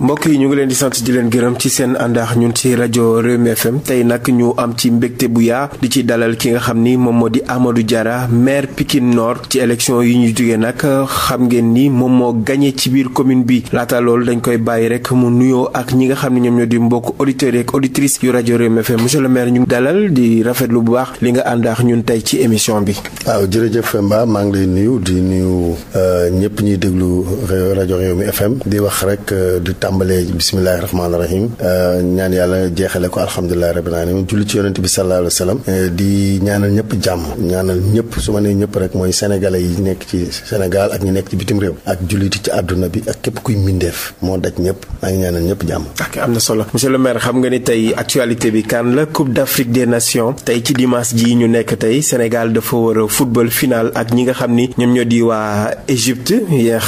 mbokk yi ñu ngi leen di sant di leen gërëm ci seen àndaax ñun ci rajo Rewmi FM tey nag ñu am ci mbégte bu yaa di ci dalal ki nga xam ni moom moo di Amadou jara maire Pikine Nord ci élection yi ñu jógee nag xam ngeen ni moom moo gagné ci biir commune bi laata loolu dañ koy bàyyi rek mu nuyoo ak ñi nga xam ne ñoom ñoo di mbokk auditeurs yi ak auditrices yu rajo Rewmi FM monsieur le maire ñu dalal di rafetlu bu baax li nga àndaax ñun tey ci émission bi. waaw jërëjëf maa ngi lay nuyu di nuyu euh, ñëpp ñuy déglu rajo Rewmi FM di wax rek euh, tàmbalee bisimilahi rahmaani rahim euh, ñaan yàlla jeexale ko alhamdulilahi rabbil alamin julli ci yonent bi sallallahu alayhi wa euh, di ñaanal ñëpp jàmm ñaanal ñëpp rek mooy sénégalais yi nekk ci sénégal ak ñu nekk ci bitim réew ak julliti ci àdduna bi ak képp kuy mbindeef moo daj ñëpp maa ñaanal ñëpp jàmm ak am na solo monsieur le xam nga ni tey actualité bi kan la coupe d'Afrique des nations tey ci dimanche ji ñu nekk tey sénégal dafa war a football final di waa égypte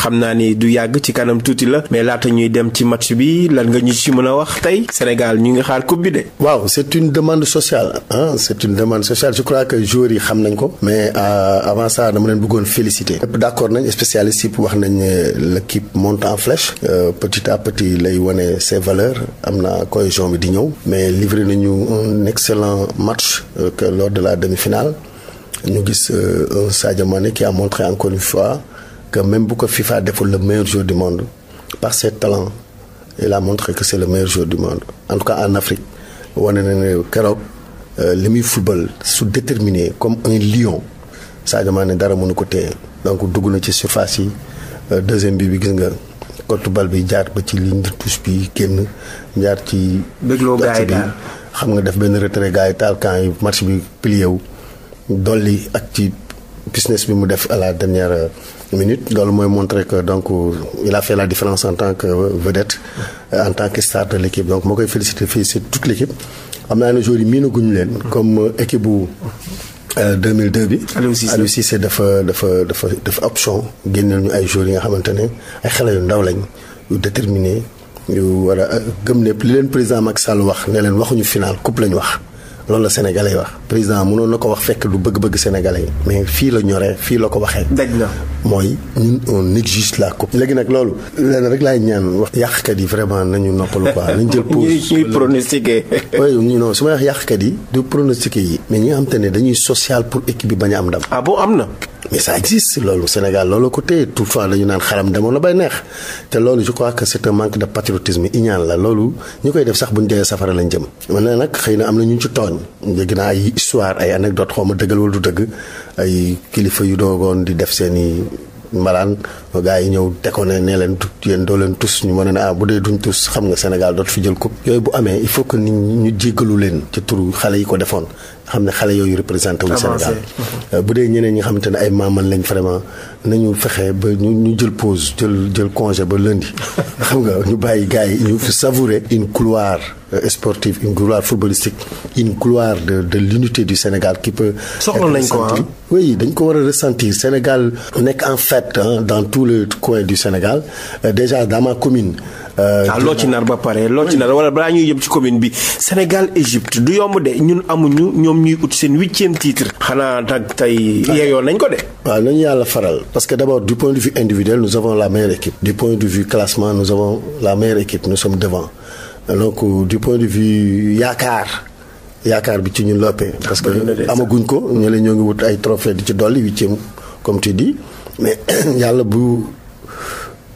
xam naa ni du yàgg la match bi lan nga ñu ci mën a wax tey Sénégal ñu ngi xaar coupe bi de. waaw c'est une demande sociale ah c'est une demande sociale je crois que joueurs yi xam nañ ko. mais euh, avant ça dama leen bëggoon féliciter. d' accord nañ spécialiste yi wax nañ l'équipe monte en flèche. Euh, petit à petit lay wone ses valeur am na cohésion bi di ñëw. mais livré nañu un excellent match euh, que lors de la demi-finale ñu gis un Sadio Mané qui a montré encore une fois que même bu ko FIFA deful le meilleur joueur monde par ses talents. il a montré que c'est le meilleur joueur du monde en tout cas en Afrique wane na ne keroog euh, li muy football su déterminé comme un lion Sadio ne dara mënu ko téye donc dugg na ci surface yi euh, deuxième bi bi gis nga kottu bal bi jaar ba ci li de bi génn jaar ci. dégloo gars bi xam nga def benn retrait gars yi taal yi match bi plié wu dolli ak ci business bi mu def à la dernière. Euh, minutes loolu mooy montrer que donc il a la différence en tan que vedette en tant que star de l'équipe donc moo koy féliciter féliciter toute l'équipe am naa ne joueurs yi miinaguñu leen comme euh, équipe bu 2002 euh, bi. Aliou Cissé Aliou Cissé dafa dafa dafa dafa option génneel ñu ay joueurs yi nga xamante ne ay xale yu ndaw lañ yu déterminé yu war a gëm ne li leen président Macky Sall wax ne leen waxuñu final coupe lañ wax. loolu la sénégalais wax président mënoon na ko wax fekk du bëgg-bëgg sénégalais yi mais fii la ñoree fii la ko waxee. daj na mooy ñun on exige la coupe. léegi nag loolu lenn rek laay ñaan wax. yàqkat yi vraiment nañu noppalu quoi nañ jël pause. ñuy ñuy pronostiqué. oui non su ma wax yàqkat yi du pronostiqué yi. mais ñi nga xam ne dañuy social pour équipe bi bañ am ndam. ah am na. mais ça existe loolu Sénégal loolu ko téye tout le temps dañu naan xaram demoon na ba neex te loolu je crois que c'est un manque de patriotisme iñaan la loolu ñu koy def sax bu ñu dee safara lañ jëm. man na nag xëy na am na ñu ci tooñ dégg naa ay histoire ay anecdote xaw ma dëggal wala du dëgg ay kilifa yu doogoon di def seen i mbalaan gars yi ñëw te ko ne nee leen yéen doo leen tus ñu mën ne ah bu dee duñ tus xam nga Sénégal dootu fi jël coupe. yooyu bu amee il faut ñu jéggalu leen ci turu xale yi ko defoon xam ne xale yooyu représenté wu Sénégal euh, bu dee ñeneen ñi nga xamante ne ay maamal lañ vraiment nañu fexe ba ñu ñu jël pause jël jël congé ba lundi xam nga ñu bàyyi gars yi ñu fi savouré une couloir Euh, sportive une gloire footballistique une gloire de de l'unité du Sénégal qui peut. soxla nañ ko ah. oui dañ ko war a ressentir Sénégal nekk en fête dans tout les coin du Sénégal euh, déjà dans commune. Euh, ah loo ci nar ba pare loo ci nar wala balaa ñuy yëpp ci commune bi Sénégal Égypte du yomb de ñun amuñu ñoom ñuy ut seen huitième titre. xanaa nag tey ah. yeyoon nañ ko de. waaw nañu yàlla faral parce que d'abord du point de vue individuel nous avons la meilleure équipe. du point de vue classement la meilleure équipe nous sommes donc euh, du point de vue yaakaar yaakaar bi ci ñun loppee parce que amaguñ ko ñu la ñoo ngi wut ay trophée di ci dolli huitième comme tu di mais yàlla bu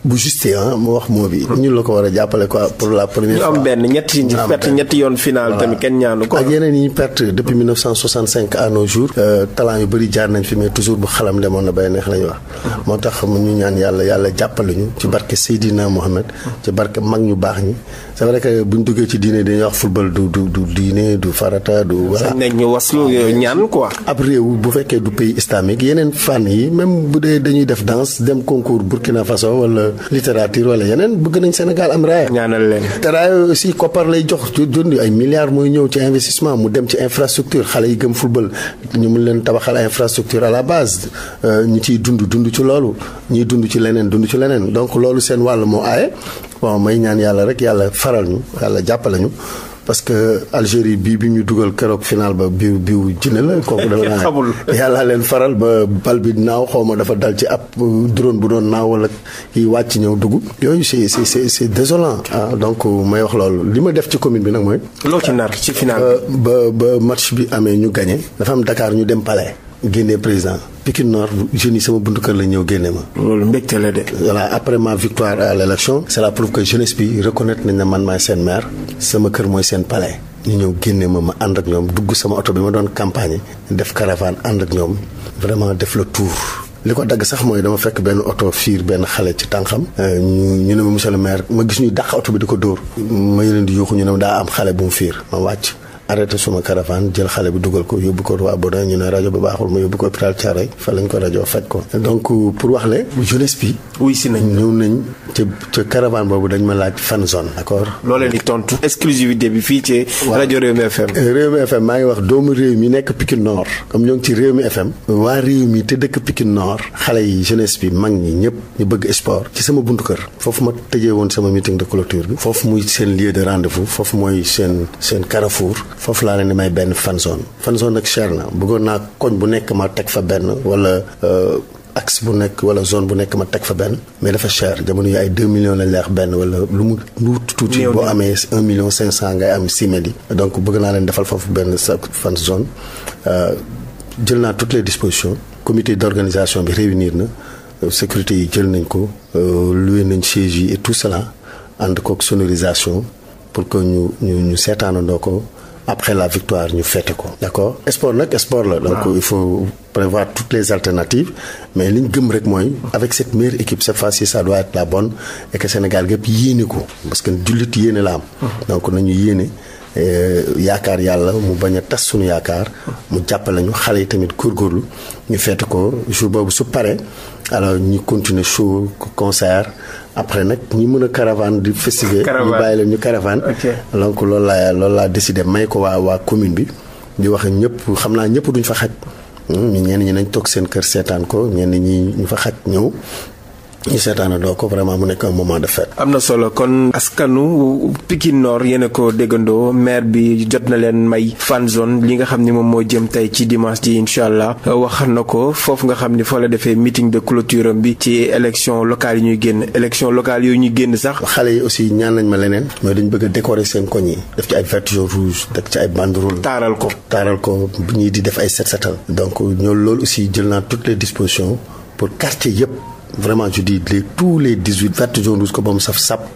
bu insister ah mu wax moo bi. Hmm. ñu la ko war a jàppale quoi pour la première fois. ñu ñu perte ñetti yoon final tamit kenn ñaanu ko. ak yeneen yi ñu perte depuis 1965 à nos jours. Euh, talent yu bëri jaar nañ fi bu xalam demoon na bay neex la ñu wax. Hmm. moo tax ñu ñaan yàlla yàlla jàppale ñu. ci barke Seydina Mohamed. wax football du dañuy def danse dem concours Burkina Faso wala magistrature wala yeneen bugg nañ Sénégal am raaya. ñaanal leen te raaya aussi koppar lay jox jund ay milliards mooy ñëw ci investissement mu dem ci infrastructure xale yi gëm football ñu mu leen tabaxal infrastructure à la base euh, ñu ciy dund dund ci loolu ñuy dund ci leneen dund ci leneen donc loolu seen wàll moo aaye bon may ñaan yàlla rek yàlla faral ñu yàlla jàppale lañu parce que Algérie bii bi ñu dugal keroog final ba biw biw jinne la kooku dafa naa yàlla leen faral ba bal bi naaw xaw ma dafa dal ci ab euh, drone bu doon naaw wala yi wàcc ñëw dugub yooyu c'est c'est c'est désolant ah. donc euh, may wax loolu li ma def ci commune bi nag mooy loo ci nar euh, ba ba match bi amee ñu gagné dafa am dakaar ñu dem pale génnee président Pikine Nord jeunes yi sama buntu kër la ñëw génne ma. loolu mbégte la de. voilà après ma victoire à l' élection. c' est la preuve que jeunesse bi reconnaître nañ ne man maay seen maire. sama kër mooy seen palais. ñu ñëw génne ma ma ànd ak ñoom dugg sama oto bi ma doon campagne def caravane ànd ak ñoom vraiment def le tour. li ko dagg sax mooy dama fekk benn oto fiir benn xale ci tànkam. Euh, ñu ñu ne ma monsieur le maire ma gis ñuy dàq oto bi di ko dóor. ma leen di yuuxu ñu ne daa am xale bu mu fiir ma wàcc. arrêté suma caravane jël xale bi dugal ko yóbbu ko waa Boda ñu ne rajo bi baaxul ma yóbbu ko hôpital Thiaroye fa lañ ko rajo faj ko donc pour wax ne jeunesse bi si nañ ñëw nañ ca ca caravane boobu dañ ma laaj fan zone d'accord loolee ni tontu exclusivité bi fii ci rajo Rewmi FM euh, Rewmi FM maa ngi wax doomu réew mi nekk Pikine Nord comme ñoo ngi ci mi FM waa réew mi te dëkk Pikine Nord xale yi jeunesse bi mag ñi ñëpp ñu bëgg sport ci sama buntu kër foofu ma tëjee woon sama meeting de clôture bi foofu muy seen lieu de foofu mooy seen seen carrefour foofu laa leen di may benn fan zone fan zone nag cher na bëggoon naa koñ bu nekk ma teg fa benn wala euh, axe bu nekk wala zone bu nekk ma teg fa benn mais dafa cher jamono yi ay 2 millions la leex benn wala lu mu lu tuuti boo amee 1 million 500 ngay am simel yi donc bëgg naa leen defal foofu benn sa fan zone euh, jël naa toutes les dispositions comité d'organisation bi réunir na euh, sécurité yi jël nañ ko loué nañ siège yi et tout cela ànd kook sonorisation pour que ñu ñu ñu seetaanandoo ko après la victoire ñu fête ko d'accord sport nag sport la donc ah. il faut prévoir toutes les alternatives mais li ñu gëm rek mooy avec cette meilleure équipe sa fois-ci ça doit être la bonne et que Sénégal gépp yéene ko parce que jullit yéene la am ah. donc nañu yéene euh, yaakaar yàlla mu bañ a tas suñu yaakaar mu jàppale ñu xale yi tamit góorgóorlu ñu feete ko jour boobu su pare alors ñu continuer show concert après nag ñi mën a caravane di festiver ñu bàyyi leen ñu caravane donc loolu laa loolu laa décidé may ko waa waa commune bi di wax ñëpp xam naa ñëpp duñ fa xaj ñu hmm, ñenn ñi nañ toog seen kër seetaan ko ñenn ñi ñu fa xaj ñëw ñu doo ko vraiment mu nekk un moment de fête. am na solo kon askanu Pikine Nord yéen a ko déggandoo maire bi jot na leen may fan zone li nga xam ni moom moo jëm tey ci dimanche ci incha allah wax na ko foofu nga xam ni foo la defee meeting de clôture bi ci élection locale yi ñuy génn élection locale yooyu ñuy génn sax. xale yi aussi ñaan nañ ma leneen. mooy dañu bëgg a seen koñ yi. def ci ay vertures rouges def ci ay banderoles. taaral ko taaral ko ñii di def ay set setal donc ñoo loolu aussi jël naa toutes les dispositions pour quartier yëpp. vraiment je dis les tous les 18 vert jaune rouge ko ba mu saf sap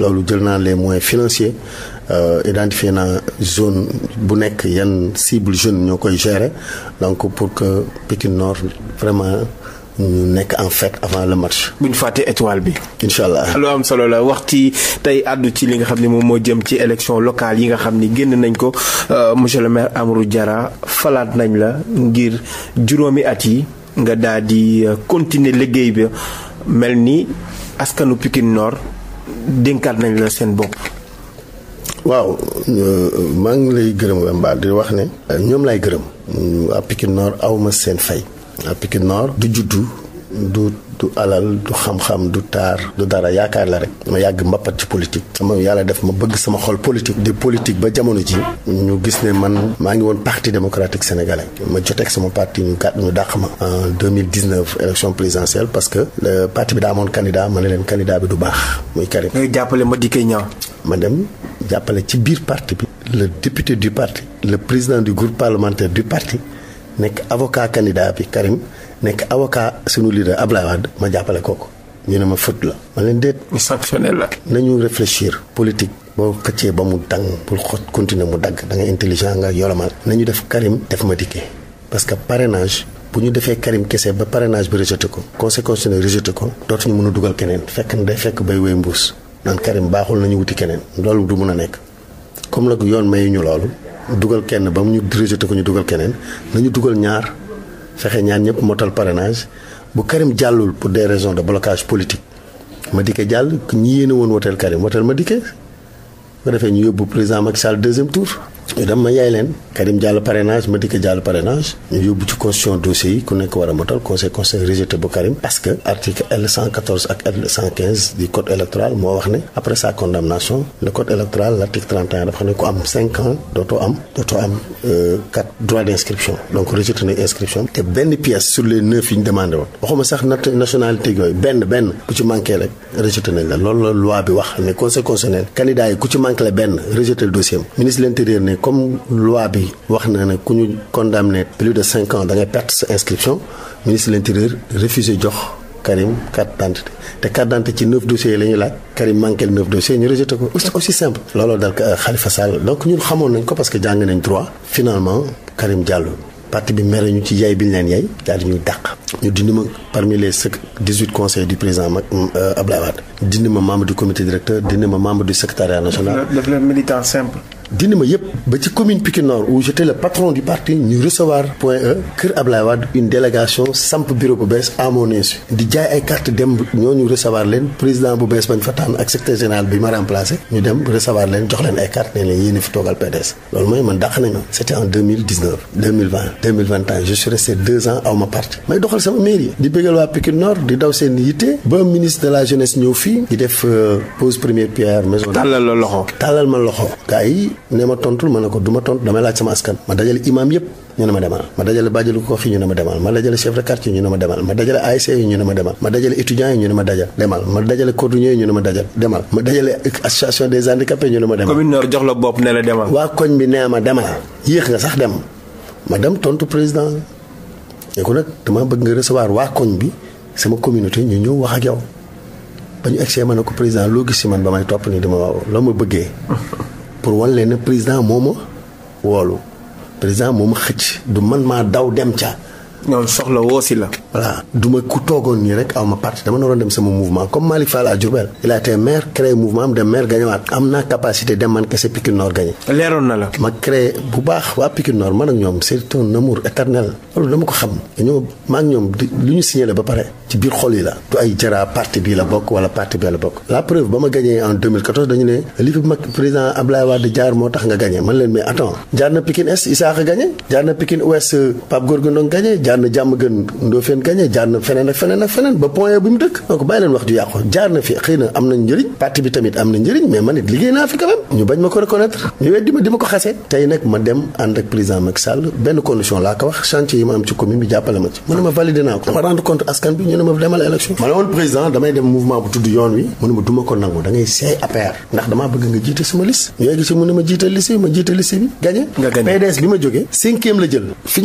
loolu jël naa les moyens financiers euh, identifier naa zone bu nekk yan cible jeune ñoo koy gérer donc pour que Pikine Nord vraiment ñu nekk en fekk avant le match. bu ñu fàtte étoile bi. incha allah lu am solo la wax ci tey àddu ci li nga xam ne moom moo jëm ci élection locale yi nga xam ni génn nañ ko euh, monsieur le maire Amadou Diarra falaat nañ la ngir juróomi at yi. nga daal di euh, continuer liggéey bi mel ni askanu Pikine Nord dénkaat nañ la seen bopp. waaw euh, maa ngi lay gërëm Wemba di wax ne. Euh, ñoom lay gërëm. waa Pikine Nord awma seen fay. waa Pikine du juddu. du du alal du xam-xam du taar du dara yaakaar la rek ma yàgg mbappat ci politique sama yàlla def ma bëgg sama xol politique di politique ba jamono ji ñu gis ne man maa ngi woon parti démocratique sénégalais ma joteeg sama parti ñu gàtt ñu dàq ma en 2019 élection présidentielle parce que parti bi daa amoon candidat ma ne leen candidat bi du baax muy Karim ngay jàppale ma di dikkee ñaaw ma dem jàppale ci biir parti bi le député du parti le président du groupe parlementaire parti nekk avocat candidat bi Karim nekk avocat sunu leader Ablaye Wade ma jàppale kooku ñu ne ma faute la ma leen déet. sanctionné la. nañu réfléchir politique. boo xëccee ba mu dang bul xot continuer mu dagg da nga intelligent nga yolomal. nañu def Karim def ma dikkee parce que parrainage bu ñu defee Karim kese ba parenage bi rejeté ko conséquence ne rejeté ko dootuñu mën a dugal keneen fekk na day fekk bay wéy mbuus naan Karim baaxul nañu wuti keneen loolu du mën a nekk comme nag yoon mayuñu loolu dugal kenn ba mu ñu rejeté ko ñu dugal keneen nañu dugal ñaar. fexe ñaan ñëpp motal parrainage bu Karim jàllul pour des raisons de blocage politique ma Madické jàll ñi yéene woon woteel Karim woteel ma bu ko defee ñu yóbbu président Macky Sall deuxième tour. ñu dem ma Karim Diallo parrainage Madické Diallo parrainage ñu yóbbu ci constitution dossier yi ku nekk war a motal conseil conseil rejeté bu Karim parce que article L 114 ak L 115 du code électoral moo wax ne après sa condamnation le code électoral l' article 31 dafa xam ne ku am 5 ans dootoo am dootoo am 4 euh, droit d' inscription donc rejeté nañ inscription te benn pièce sur les 9 yi ñu demandé woon waxuma sax nationalité comme loi bi wax na ne ku ñu condamné plus de cinq ans da perte sa inscription ministre de l'intérieur refusé jox Karim carte te carte d'identité ci neuf dossiers la ñuy laaj Karim manqué le neuf dossiers ñu rejeté ko aussi simple. looloo dal euh, Khalifa Sall donc ñun xamoon nañ ko parce que jàng nañ droit finalement Karim Diallo parti bi mere ñu ci yaay bi ñu leen yaay daal ñuy dàq. ñu dindi ma parmi les sec dix huit conseillers du président mag euh, Abdoulaye Wade dindi ma membre dindi ma yëpp ba ci commune Pikine Nord où j'étais le patron du parti ñu recevoir point E kër Ablaye Wade une délégation samp bureau bu bees à mon insu di jaay ay carte dem ñooñu recevoir leen président bu bees bañ fa tànn ak secrétaire général bi ma remplacé ñu dem recevoir leen jox leen ay carte ne leen yéen a fi toogal PDS loolu mooy man dàq nañu c'était en 2019 2020 2021 je suis resté ans aw ma may doxal sama mairie di bëggal waa Pikine Nord di daw seen yitte ba ministre la jeunesse ñëw fii di def euh, pose première pierre maison tàllal la loxo tàllal ma loxo yi nee ma tontul ma ne ko duma ma tontu damay laaj sama askan ma dajale imaam yëpp ñu ne ma demal ma dajale bàjjalu gox yi ñu ne ma demal ma dajale chef de quartier ñu ne ma demal ma dajale ASC e, yi ñu ne dajale étudiants yi ma dajal demal ma dajale cordonnier yi association des handicapés ñu ne ma demal commune Nord jox la bopp ne la demal waa koñ bi nee ma demal yéex nga sax dem ma dem tontu président ne ko nag dama bëgg nga recevoir waa koñ bi sama communauté ñu ñëw wax ak yow ba ñu egsee ma ne ko président loo gis si man ba may topp nii dama waaw loo ma bëggee pour wan leen ne président moo ma woolu président moo ma xëcc du man maa daw dem ca ñoom soxla woo si la. ma ma parti dama naroon dem ko xam dañoo ñoom lu ñu signé la ba pare ci biir xol yi la. du ay jaraa parti bii la bokk wala parti bee la bokk la preuve ba ma gañee en 2014 dañu ne li fi mag président Abdoulaye Wade jaar moo tax nga gañe man leen mais attends jaar na Pikine Est Issaaxa gañe jaar na Pikine Ouest Pape Gorgui Ndong gañe jaar na jàmm gën Ndofène gagné jaar na feneen ak feneen ba point bi mu dëkk donc leen wax ju yàqu jaar na fi xëy na am nañ njëriñ parti bi tamit am na njëriñ ma ne ma validé naa ko ma rendre compte askan bi ñu ne ma demal élection ma ne woon président damay dem mouvement bu tudd yoon wi mu ne ma ko nangu da ngay seey APR ndax damaa bëgg nga jiite sama liste ñu yegg ci mu ne ma jiite liste ma jiite liste bi gagné PDS bi ma jógee cinquième la jël fi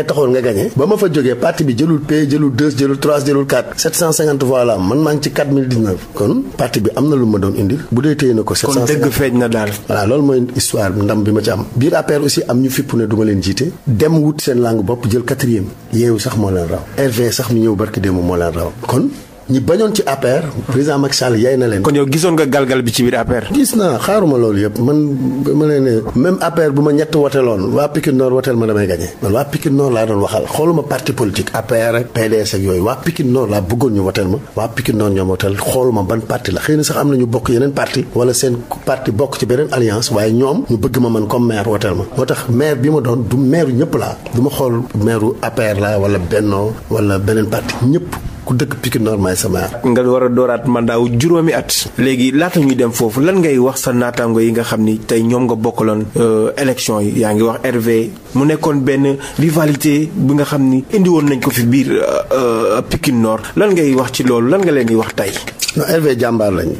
nee taxoon nga gagné ba ma fa jógee parti bi jëlul P jëlul 2 jëlul 3 jëlul 4 750 voix la man maa ngi ci 4019 kon parti bi am na lu ma doon indi bu dee téye na ko. 750 kon dëgg feeñ na daal. voilà loolu mooy histoire ndam bi ma ci am biir APR aussi am ñu fipp ne du ma leen jiite dem wut seen langue bopp jël quatrième yeewu sax moo leen raw RV sax mi ñëw barki démb moo leen raw kon ñi bañoon ci APR. président Macky Sall yaay na leen. kon yow gisoon nga galgal bi ci biir APR. gis naa xaaruma loolu yëpp man ba ma leen ne. même APR bu ma ñett woteeloon waa Pikine Nord woteel ma damay gagné. man waa Pikine Nord laa doon waxal xooluma parti politique APR ak PDS ak yooyu waa Pikine Nord laa bëggoon ñu woteel ma. waa Pikine Nord ñoom woteel xooluma ban parti la xëy sax am na ñu bokk yeneen parti wala seen parti bokk ci beneen alliance waaye ñoom ñu bëgg ma man comme maire woteel moo tax maire bi ma doon du maire ñëpp laa du ma xool maire APR laa wala Benno wala beneen parti ñëpp ku dëkk Pikine Nord maay sama yaar. nga war a dooraat mandat juróomi at. léegi laata ñuy dem foofu lan ngay wax sa naataango yi nga xam ni tey ñoom nga bokkaloon euh, élection yi yaa ngi wax RV mu nekkoon benn rivalité bi nga xam ni indi woon nañ ko fi biir euh, euh, Pikine Nord lan ngay wax ci loolu lan nga leen di wax tey. non RV jàmbaar lañ.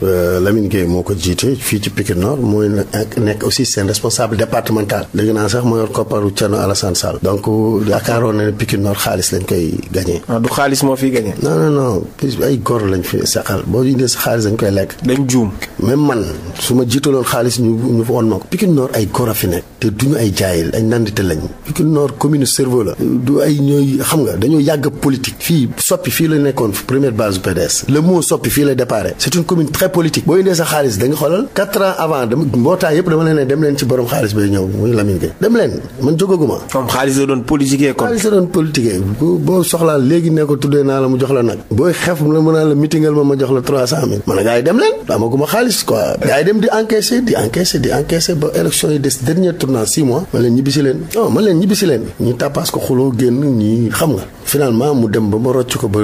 Lamine Gueye moo ko jiite fii ci Pikine Nord mooy nekk aussi seen responsable départemental. dégg naa sax moo yor kopparu Thierno Alassane Sall. donc yaakaaroon na ne xaalis koy gagné. Ah, du non non plus ay gor lañ fi saxal boo indee sa xaalis dañ koy lekk. dañ juum. même man su ma jiitaloon xaalis ñu ñu fa ma ko. Pikine Nord ay gor a fi nekk. te duñu ay jaayil ay nandite lañ. Pikine Nord commune cerveau la. du ay ñooy xam nga dañoo yàgg politique. fii soppi fii la nekkoon première base du PDS. le soppi fii la déparé. c' commune très politique. boo indee sa xaalis da nga xoolal quatre avant dama mbootaay yëpp dama leen dem leen ci borom nag booy xef la mën naa la mitingal ma ma jox la trois cent mille ma ne gars yi dem leen amaguma xaalis quoi gars yi dem di encaisser di encaisser di encaisser ba élection yi des dernier tournant six mois ma leen ñibbisi leen non ma leen ñibbisi leen ñu tàppaas ko xuloo génn ñi xam nga finalement mu dem ba ma rocc ko ba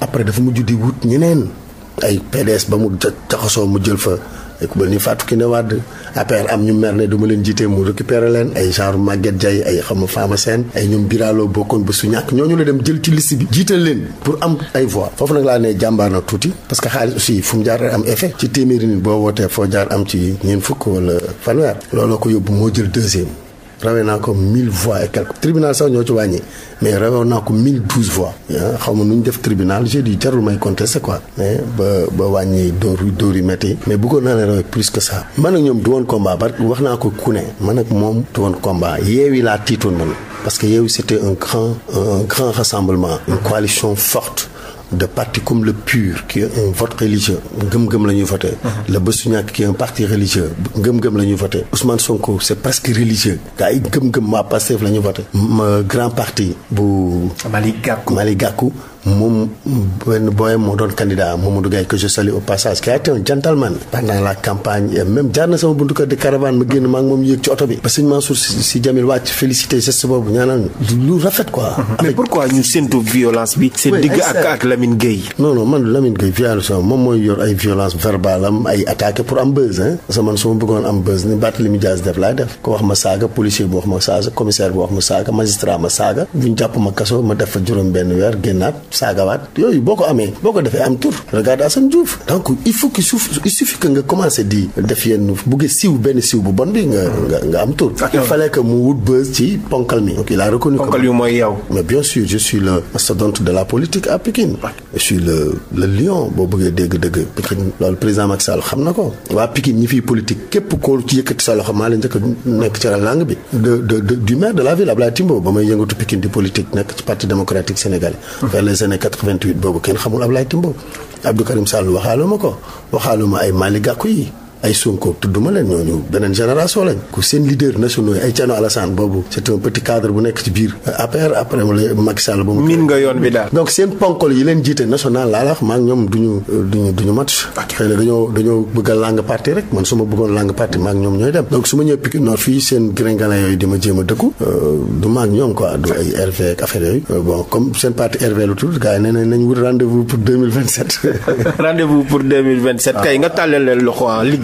après dafa mujj di wut ñeneen ay PDS ba mu jaxasoo mu jël fa ku mel ni Fatou Kiné Wade APR am ñu mer ne duma ma leen jiite mu récupéré leen ay genre Maguette Diaye ay xam nga Fama Sène ay ñoom Biralo bokkoon ba su ñàkk ñu la dem jël ci liste bi jiital leen pour am ay voix foofu nag laa ne jàmbaar na tuuti parce que xaalis aussi fu mu jaar am effet ci téeméeri nit boo wootee foo jaar am ci ñeent fukk wala fanweer looloo ko yóbbu moo jël deuxième rawee naa ko mille voix et quelque tribunal sax ñoo ci wàññi mais rawee naa ko mille douze voix ah, xaw ma nu ñu def tribunal j'ai dit jarul may contesté quoi eh, ba ba wàññi dóor dóor yu métti mais bëggoon naa leen rawee plus que ça man ak ñoom du woon combat parce wax naa ko ku ne man ak moom du woon combat yeewi laa tiitoon man parce que yeewi c'était un grand un grand rassemblement une coalition forte de parti comme le PUR qui est un vote religieux ngëm-ngëm la ñuy voté mhm. le Besuniak qui est un parti religieux ngëm-ngëm la ñuy voté Ousmane Sonko c'est presque religieux gaa yi ngëm-ngëm ma Pastef la ñuy voté grand parti bu Malick Gakou Malick Gakou moom benn booyam moo doon candidat Mamadou Gaye que je salue au passage qui a campagne même jaar na sama buntu ma moom yéeg ci oto bi ba sëñ Mansour si lu rafet quoi mhm. mais pourquoi ñu séntu violence bi seen digg ak ak Lamine Gueye non non man Lamine Gueye violence moom mooy yor ay violence verbale am ay attaqué pour am buzz hein parce man su bëggoon am buzz ni Barthélémy Dias def laay def ko wax ma saaga policier bu wax ma saaga commissaire bu wax ma saaga magistrat ma saaga buñ jàpp ma kaso ma def fa juróom benn weer génnaat saagawaat yooyu boo ko amee boo ko defee am tur regarde Assane Diouf donc il faut que suuf il suffit que nga commencé di def yenn bugge siiw benn siiw bu bon bi nga nga am tur il fallait que mu wut buzz ci ponkal mi ponkal yu mooy yow mais bien sûr je suis le mastodonte de la politique à Pikine je suis lion boo bëggee dégg-dëgg Pikine loolu président Macky Sall xam na ko waa Pikine ñi fiy politique képp koo ci yëkkati sa loxo maa leen njëkk nekk ci langue bi de du maire de la ville années 88 boobu kenn xamul Ablaye Timbo Abdou Karim Sall waxaaluma ko waxaaluma ay Malick Gakou yi ay Sonko tudduma leen ñooñu beneen génération lañ ku seen leader national ay Thierno Alassane boobu c'est un petit cadre bu nekk ci biir APR après Macky Sall ba mu min nga yoon bi daal donc seen ponkol yi leen jiite national laa la ñoom duñu duñu duñu match xëy na dañoo dañoo bëgg a rek man su ma bëggoon langue parti maa ñoom ñooy dem donc su ma ñëw Pikine fii seen gringala yooyu di ma jéem dëkku euh, du maa ñoom quoi du ay RV ak affaire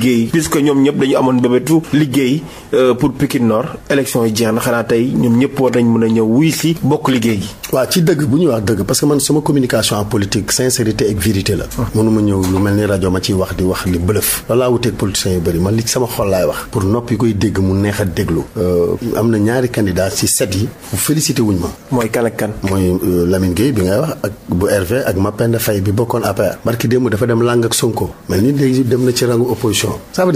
liggéey puisque ñoom ñëpp dañu amoon bébétu liggéey euh, pour Pikine Nord élection yi jeex na xanaa tey ñoom ñëpp war nañ mën a ñëw wuy si bokk liggéey yi waaw ci dëgg bu ñuy wax dëgg parce que man sama communication en sincérité ak vérité la ah. mënuma ñëw lu mel ni rajo ma ciy wax di wax li bëlëf loolu laa wuteeg politiciens yu bëri man li sama xol laay wax pour nopp yi koy dégg mu neex a déglu euh, am na ñaari candidat ci set yi félicité wuñ ma mooy kan ak kan mooy euh, Lamine Gueye bi ngay bi bokkoon APR barki démb dafa dem non ça veut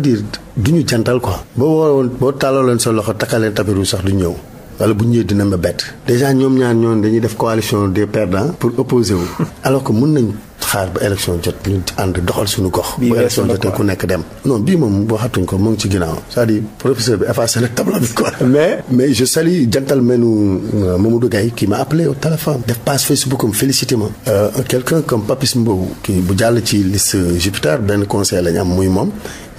dire du ñu jantal quoi boo woowoon boo tàllaloon sa loxo takkaleen tapis sax du ñëw wala bu ñu ñëwee dina ma bett déjà ñoom ñaar ñoon dañuy def coalition des perdants pour opposer wu alors que mën nañ xaar ba élection jot ñu ànd doxal suñu gox. bu élection jotee ku nekk dem. no bii moom waxatuñ ko mu ngi ci ginnaaw c'est-à-dire professeur bi effacé na tableau bi quoi. mais mais je salue gentleman euh, Mamadou Gaye qui m'a appelé au téléphone. def page Facebook am félicité ma. Euh, quelqu'un comme Papis Mbow. kii bu jàll ci liste Jupiter benn conseil lañ am muy moom.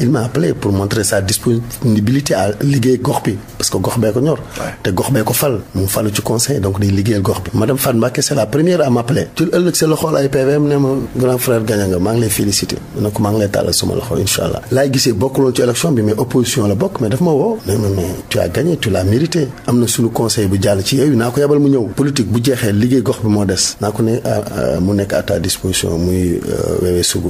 il m'a appelé pour montrer sa disponibilité à liggéey gox bi parce que gox bee ko ñor. te gox bee ko fal mu falu ci conseil donc day liggéeyal gox bi. madame Fatma Mbacké c'est la ma grand frère gaña nga maa ngi lay féliciter ne ko maa ngi lay ma ma mais tu as gagné am na suñu conseil bu jàll ci yooyu naa ko yebal mu ñëw. politique bu jeexee liggéey gox bi moo des. naa ko ne ah, ah, mu nekk à disposition muy euh, Wewe Sugu.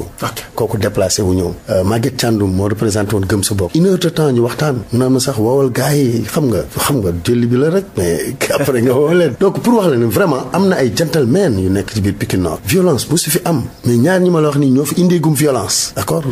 kooku déplacé wu ñëw. Euh, Maguette Thiandoum moo représenté woon gëm sa bopp une heure temps ñu waxtaan mu naan ma sax woowal gars xam nga xam nga jëli bi la rek mais après wax la ne vraiment am na ay gentlemen yu nekk ci biir Pikine Nord violence bu su fi am mais ñaar ñi ma la wax nii ñoo fi indee gum violence d'accord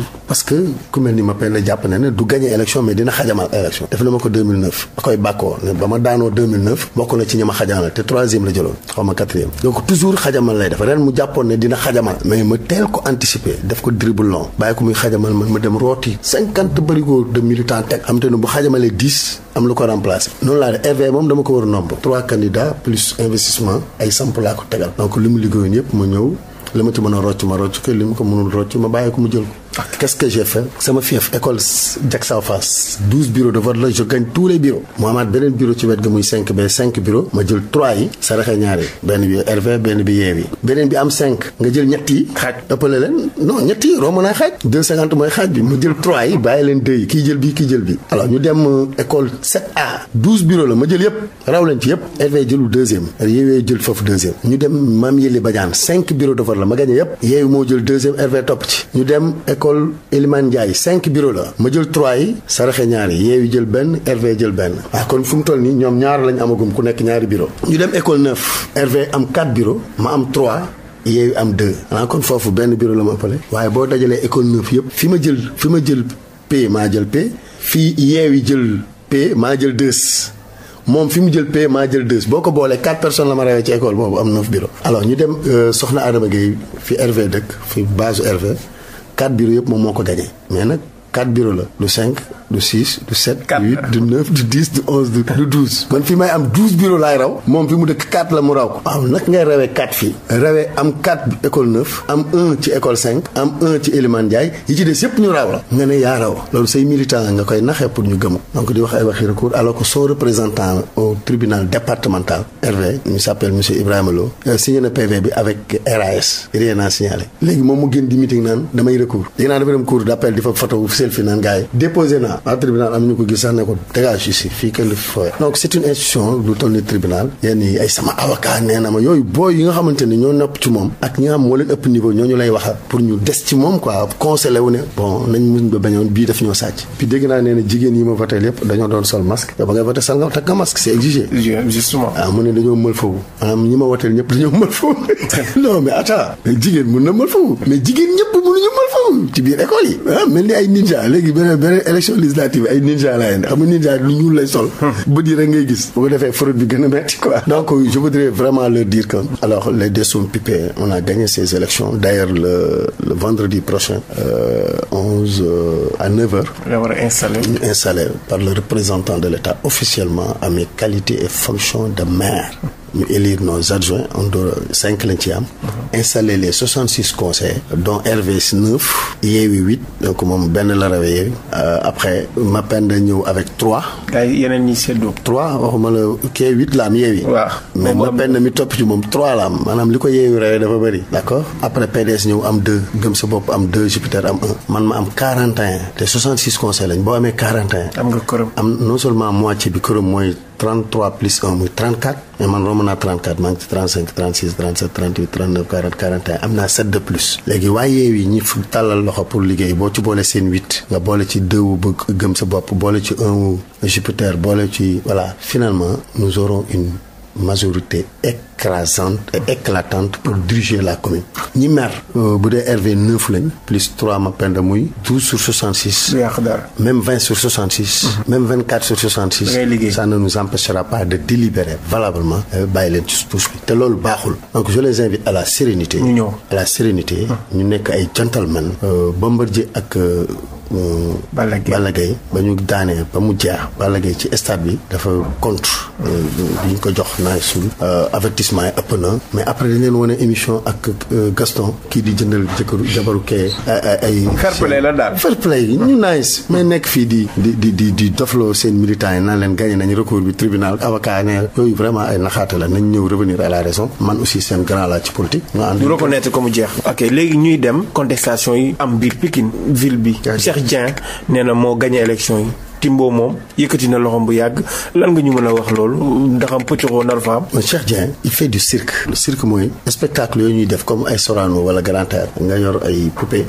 du gagné élection mais dina xajamal élection def na ma ko 2009 ba koy bàkkoo ne ba na ci ñi xajamal te troisième la jëloon xaw ma quatrième donc toujours xajamal lay def ren mu jàppoon ne dina xajamal mais ma teel ko anticiper def ko dribble bàyyi ko muy xajamal man ma dem rooti cinquante barigo de militants teg am te ne bu xajamalee dix am lu ko remplacé noonu laa ne RV moom dama ko war a nombre trois candidats plus investissement ay samp laa ko tegal donc li mu liggéeyoon yëpp ma ñëw li ma ci mën a rocc ma rocc ko li mu ko mënul rocc ma bàyyi ko mu jël ko qu'est-ce que j'ai fait sama fief école Jackson Fass 12 bureaux de vote la je gagne tous les bureaux mu amaat beneen bureau ci wet ga muy 5 ba 5 bureaux ma jël 3 yi saraxe ñaar benn bi RV benn bi Yewwi beneen bi am cinq nga jël ñett yi xaaj ëppale leen non ñett yi romb naa xaaj 250 mooy xaaj bi ma jël 3 yi bàyyi leen 2 yi kii jël bi kii jël bi alors ñu dem euh, école 7A 12 bureaux la ma jël yëpp raw leen ci yëpp RV jëlul deuxième Yewwi jël foofu deuxième ñu dem Mame Yelli Badiane 5 bureaux de vote la ma gagné yëpp Yewwi moo jël deuxième RV école Elimane Ndiaye cinq bureaux la ma jël trois yi saraxe ñaar yi yeewi jël benn RV jël benn waa kon fu mu toll nii ñoom ñaar lañ amagum ku nekk ñaari bureau ñu dem école neuf RV am quatre bureaux ma am trois yeewi am deux ah, kon foofu benn bureau la ma ëppale waaye boo dajalee école neuf yëpp fi ma jël fi ma jël P maa jël P fii yeewi jël P maa jël deux moom fi mu jël paie maa jël deux boo ko boolee quatre personnes la ma rawee ci école boobu am neuf bureau alors ñu dem euh, Soxna Adama Gueye fi RV dëkk fi base RV quatre bureaux yëpp moom moo ko gagné mais na quatre bureaux la lu cinq du 6 du 7. 4 du 8 du 9 du 10 du 11 du. du 12 man fi may am 12 bureau laay raw. moom fi mu dëkk 4 la mu raw ko. waaw nag ngay rawee 4 fii. rawee am 4 école 9. am 1 ci école 5. am 1 ci Elimane Ndiaye yi ci des yëpp ñu raw la. nga ne yaa raw loolu say militant nga koy naxee pour ñu gëm donc di wax ay waxi recours alors que son représentant au tribunal départemental Hervé ñu s'appelle monsieur Ibrahima Lo. Euh, signé na PV bi avec RAS. rien à signaler léegi moom mu génn di meeting naan damay recours. léegi naa dafa dem cour d'appel di fa photo selfie naan gars yi déposé naa. tribunal ah tribunal am ñu ko gis sax ne ko dégage ici fii kenn du fi fooye donc c' est une institution lu toll ni tribunal yenn yi ay sama avocat nee ma yooyu booy yi nga xamante ñoo nopp ci moom ak ñoo ah, ne dañoo mël foofu maanaam ñi ma woteel ñëpp dañoo mël foofu mais jigéen mun na mël foofu ci biir école yi ah, mel ni ay ninja léegi beneen beneen élection législative ay ninja laa yéen xam ninja lu ñuul lay sol. bët yi ngay gis. bu ko defee fraude bi gën a metti quoi. donc je voudrais vraiment leur dire que. alors les deux sont pipés on a gagné ces élections d'ailleurs le le vendredi prochain. Euh, euh à 9 heures. a installé. installé par le représentant de l'État officiellement à mes qualités et fonctions de maire. ñu élire nos adjoints on doit cinq lañ ci am. installer les soixante six conseillers. dont RVS neuf. Yewwi huit donc moom benn la rawee Yewwi. Euh, après Mapenda ñëw avec trois. gars yi yeneen ñi seddoo. trois waxuma la kee huit la am Yewwi. waaw mais Mapenda mi topp ci moom trois la am maanaam li ko Yewwi rawee dafa bëri. d' accord après PDS ñëw am deux gëm sa bopp am deux Jupiter am un. man ma am quarante et un te soixante six conseillers lañ boo amee quarante et un. am nga këram am non seulement moitié bi 33 plus 1 muy 34 mais man romb naa 34 maa ngi ci 35 36 37 38 39 40 41 am naa 7 de plus. léegi waaye yeewi ñi fu tàllal loxo pour liggéey boo ci boolee seen 8 nga boole ci 2 wu bëgg gëm sa bopp boole ci un wu Jupiter boole ci voilà finalement nous aurons une majorité ek écrasante et éclatante pour diriger la commune ñi mer euh, bu dee RV 9 lañ plus 3 Mapenda muy 12 sur 66 même 20 sur 66 mhm. même 24 sur 66 ça ne nous empêchera pas de délibérer valablement euh, bàyyi leen ci puus bi te loolu baaxul donc je les invite à la sérénité à la mhm. ñu nekk ay gentleman euh, Bombardier ak Balla Gaye ba ñu daanee ba mu jeex Balla ci stade bi dafa contre bi ko jox naa suul investissement ëpp na mais après dañ leen wane émission ak euh, Gaston kii di jëndal jëkkëru jabaru kee ay fair play la daal fair play ñu nice mais nekk fii di di di di di dofloo seen militants yi naan leen gagné nañu recours bi tribunal avocat ne yooyu vraiment ay naxaate la nañ ñëw revenir à la raison man aussi seen grand la ci politique ñu ànd reconnaître ko mu jeex ok léegi ñuy dem contestation yi am biir pikin ville bi Cheikh Dieng nee na moo gagné élection yi Timbo moom yëkkati na loxoom bu yàgg lan nga ñu mën a wax loolu ndax am pëccoo nar fa am. Cheikh Dieng il fait du cirque. le cirque mooy spectacle yooyu ñuy def comme ay Sorano wala Grand Théâtre nga yor ay poupée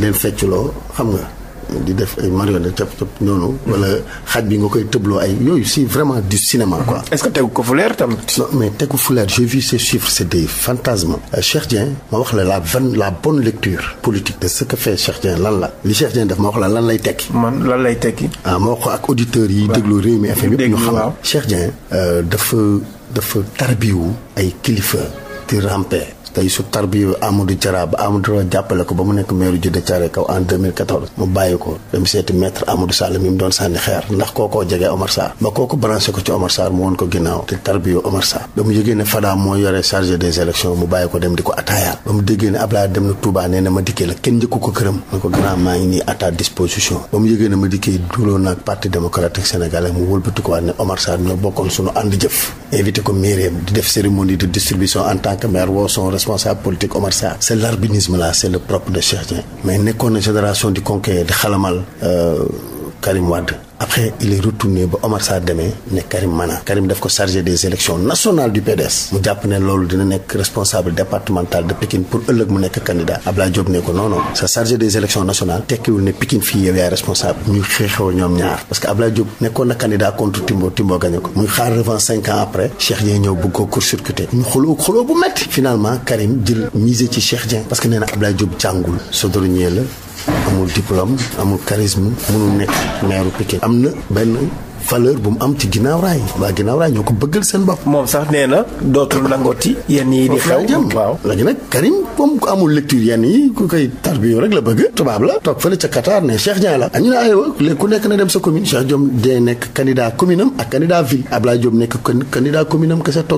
leen fecculoo xam nga. di def ay marionnette cap cap noonu. wala xaj bi nga koy tëbloo ay yooyu c'est vraiment du cinéma quoi. est-ce que tegu ko fulaar tamit. mais tegu fulaar j'ai vu ces chiffres c'est des fantasmes. Euh, Cheikh Dieng ma wax la la bonne la bonne lecture politique de ce que fait Cheikh Dieng lan la li Cheikh Dieng def ma wax la lan lay tekki. man lan lay tekki. ah ma wax ko ak auditeurs yi déglu Rewmi FM yëpp ñu xam Cheikh Dieng euh, dafa dafa tarbiwu ay kilifa di ramper. tey su tarbiyu Amadou Diarra ba Amadou Diarra ko ba mu nekk maire Djeddah Thiaroye Kao en 2014 mu bàyyi ko dem seeti maître Amadou Sall mi mu doon sànni xeer ndax kookoo jege Omar Sarr ba kooku branché ko ci Omar Sarr mu woon ko ginnaaw te tarbiyu Omar Sarr ba mu yëgee ne Fada moo yore chargé des élections mu bàyyi ko dem di ko attaayaal ba mu déggee ne Ablaye dem na Touba nee na ma dikkee la kenn njëkku ko këram na ko grand maa ngi nii à ta disposition ba mu yëgee ne ma dikkee duloon naag parti démocratique sénégalais mu wëlbati ko waat ne Omar Sarr responsable politique Omar Sarr c' la l' arbinisme là c' est le propre de Cheikh mais nekkoon na génération di conquérir di xalamal euh, Karim Wade après il est retourné ba Omar Sarr demee ne Karim Mana Karim daf ko chargé des élections nationales du PDS mu jàpp ne loolu dina nekk responsable départemental de Pikine pour ëllëg mu nekk candidat Ablaye Diop ne ko non non sa chargé des élections nationales tekkiwul ne Pikine fii yow yaay responsable ñu xeexoo ñoom ñaar parce que Ablaye Diop nekkoon na candidat contre Timbo Timbo gagné ko muy xaar revanche cinq ans après Cheikh Dieng ñëw bëgg ko court-circuité ñu xuloo xuloo bu metti finalement Karim jël misé ci Cheikh Dieng parce que nee na Ablaye Diop jàngul sa dorñee la amul diplôme amul charisme mënul nekk meeru Pikine am na benn valeur bu mu am ci ginnaaw raay waa ginnaaw raay ñoo ko bëggal seen bopp. moom sax nee na dootul nangooti. yenn yi di xew waaw la bëgg. tubaab la toog fële ca Qatar ne Cheikh Ndiaye la. ñu ne aywa léegi ku am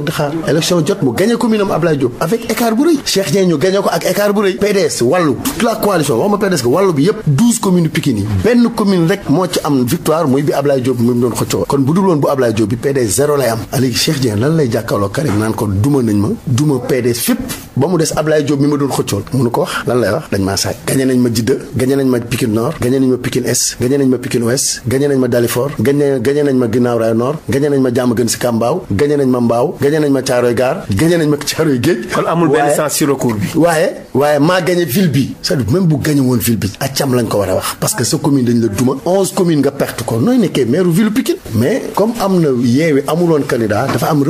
di xaar. élection jot mu gagné commune am Ablaye Diop avec écart bu rëy. Cheikh Ndiaye ñu gagné ko ak écart bu rëy. PDS wàllu toute la coalition wax ma PDS wàllu bi yëpp douze communes Pikine yi benn commune rek moo ci am victoire muy bi Ablaye Diop mu doon xëccoo kon bu dul woon bu Ablaye Diop bi PDS zéro lay am Aliou Cheikh Dieng lan lay jàkkaarloo Karim naan kon duma nañ ma duma PDS fépp ba mu des Ablaye Diop mi ma doon xëccool mënu ko wax lan lay wax dañ maa saaj gañe nañ ma Jidda gañe nañ ma Pikine Nord gañe nañ ma Pikine Est gañe nañ ma Pikine Ouest gañe nañ ma Dalifort gañe gañe nañ ma Ginnaaw Raay Nord gañe nañ ma Diamaguène Sicap Mbao gañe nañ ma Mbao gañe nañ ma Thiaroye Gare gañe nañ ma Thiaroye Géej kon amul benn sens ci recours bi waaye waaye maa gañe ville bi c'est-à-dire bu gañe woon ville bi accam lañ ko war a wax parce que sa commune dañ la duma onze communes nga perte am na yeewi amuloon candidat dafa am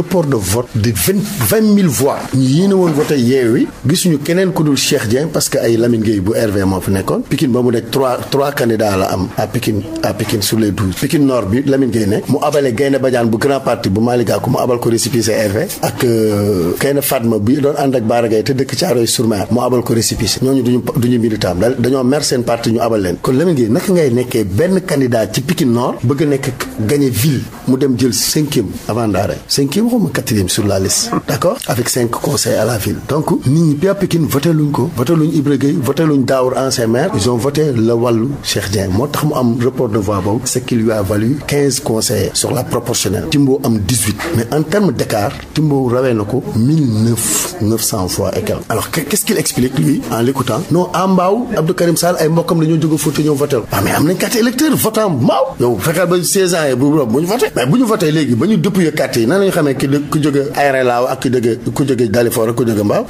yeewi gisuñu keneen ku dul Cheikh Dieng parce que ay Lamine Gueye bu RV moo fi nekkoon Pikine ba mu nekk trois trois candidats la am à Pikine à Pikine sur les douze Pikine Nord bi Lamine Gueye nekk mu abale Gaynde Badiane bu grand parti bu Malick Gakou mu abal ko récépissé RV ak euh, Gaynde Fatma bi doon ànd ak Bara te dëkk Thiaroye sur Mer mu abal ko récépissé ñooñu duñu duñu militant dañoo mer seen parti ñu abal leen kon Lamine Gueye naka ngay nekkee benn candidat ci Pikine Nord bëgg nekk gagné ville mu dem jël cinquième avant Ndaare cinquième xaw ma quatrième sur la liste d'accord la ville donc nit ñi PA Pikine voté ko voté luñ Ibra Gueye voté luñ Daour ancien maire ils ont voté la wàllu Cheikh Dieng moo tax mu am report de voix boobu ce qui lui a valu quinze conseillers sur la proportionnelle Timbo am dix-huit mais en terme d'écart Timbo rawee na ko mille neuf neuf cent fois et quelques alors qu'est-ce qu'il explique lui en l'écoutant non à Mbao Abdou Karim ay mbokkam dañoo jóg a ñëw voté ah, mais am nañ carte électeur votant Mbao yow fexeel ba seize bu ñu voté léegi ba ñu dépouillé carte yi nan la xamee ki ku jóge Aéré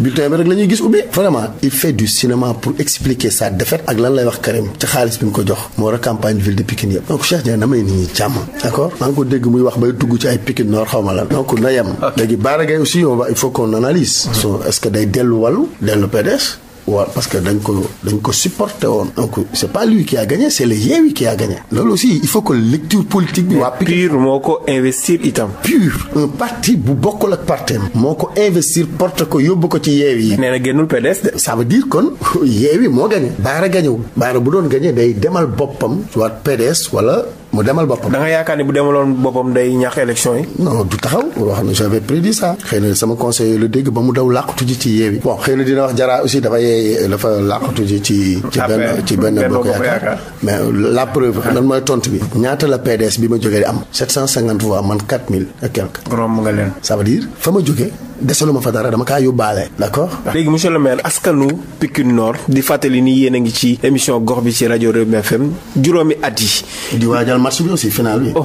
bulletin bi rek la ñuy gis ubbi vraiment il fait du cinéma pour expliquer sa défaite ak lan lay wax Karim ci xaalis bi mu ko jox moo war a campagne ville de Pikine yëpp donc Cheikh Dieng damay nit ñi jàmm d'accord maa ko dégg muy wax bay dugg ci ay Pikine Nord xaw ma lan donc na yem ah. léegi Bara Gaye aussi il faut qu'on analyse so est day dellu wàllu dellu PDS waaw parce que dañ ko dañ ko supporté woon donc c'est pas lui qui a gagné c'est le Yewwi qui a gagné loolu aussi il faut que lecture politique bi waa PUR moo ko investir itam PUR parti bu bokkul ak partem moo ko investir porte ko yóbbu ko ci Yewwi yi nee na génnul PDS de ça veut dire kon Yewwi moo gagné baara gagné wu baara bu doon gagné day demal boppam soit PDS wala mu demal boppam. da yaakaar ni bu demaloon boppam day ñaax élection yi. non du taxaw loo xam ne j'avais prédit ça. xëy na sama conseiller lu dégg ba mu daw làqatu ji ci yeewi. bon xëy na dina wax jaraa aussi dafa yee dafa làqatu ji ci. ci benn ci benn bokk yaakaar mais la preuve ah. lan mooy tontu bi. ñaata la PDS bi ma jógee di am. 750 voix man 4000 et quelque. romb nga leen. ça veut dire fa ma jógee. desaluma fa dara dama kaa yóbbaale d'accord. léegi monsieur le maire askanu Pikine noor di fàttali nii yéen a ngi ci émission gox bi ci rajo Rewmi FM juróomi at yi. di waajal match bi aussi final bi. oh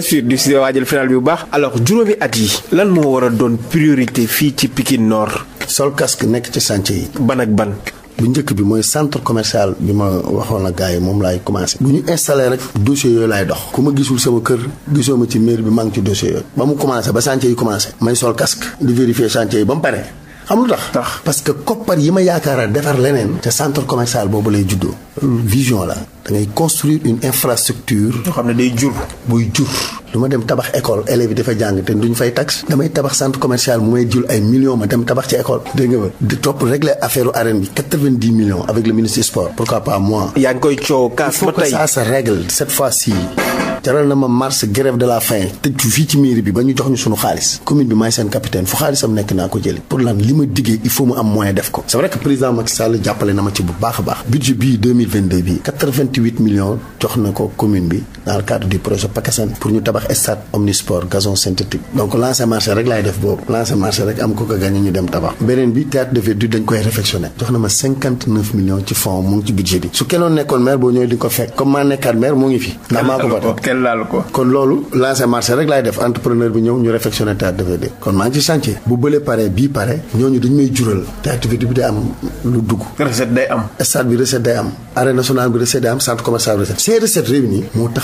si waajal final bi bu baax. alors juróomi at yi lan moo war a doon priorité fii ci pikin Nord. sol casque nekk ci chantier yi. ban ak ban. bu njëkk bi mooy centre commercial bi ma waxoon ak gars yi moom laay commencé bu ñu installé rek dossier yooyu laay dox ku ma gisul sama kër gisoo ma ci mairie bi maa ngi ci dossier yooyu ba mu commencé ba chantier yi commencé may sol casque di vérifier chantier yi ba mu pare am lu tax parce que koppar yi ma yaakaar yaakaara defar leneen te centre commercial boobu lay juddoo vision la da ngay construire une infrastructure yoo xam ne day jur buy jur du ma dem tabax école élèves yi dafa jàng te duñ fay taxe damay tabax centre commercial mu may jul ay millions ma dem tabax ci école dégg topp régler affaire u arène bi million vingt dix millions avec le ministre sport pourquoi pas moi yaa ngi koy coow kaas ba tey il faut règle cette fois sii jaral na ma mars grève de la faim tëj fii ci mairie bi ba ñu jox ñu sunu xaalis commune bi maay seen capitaine fu xaalisam nekk naa ko jëli pour lan li ma diggee il faut mu am moyen def ko c'est vrai que président Macky Sall jàppale na ma ci bu baax a baax budget bii bii 88 jox na ko commune bi dans le cadre du projet PACASEN pour ñu tabax stade omnisport gazon synthétique donc lancer marché rek laay def boobu lancer marché rek am ko ko gagné ñu dem tabax beneen bi théâtre de verdure dañ koy réfectionné jox na ma 59 millions ci fonds mu ngi ci budget su kennoon nekkoon maire boo ñëwee di ko fekk comme maa nekkaat maire moo ngi fi ndax maa ko voté kenn laal ko kon loolu lancer marché rek laay def entrepreneur bi ñëw ñu réfectionné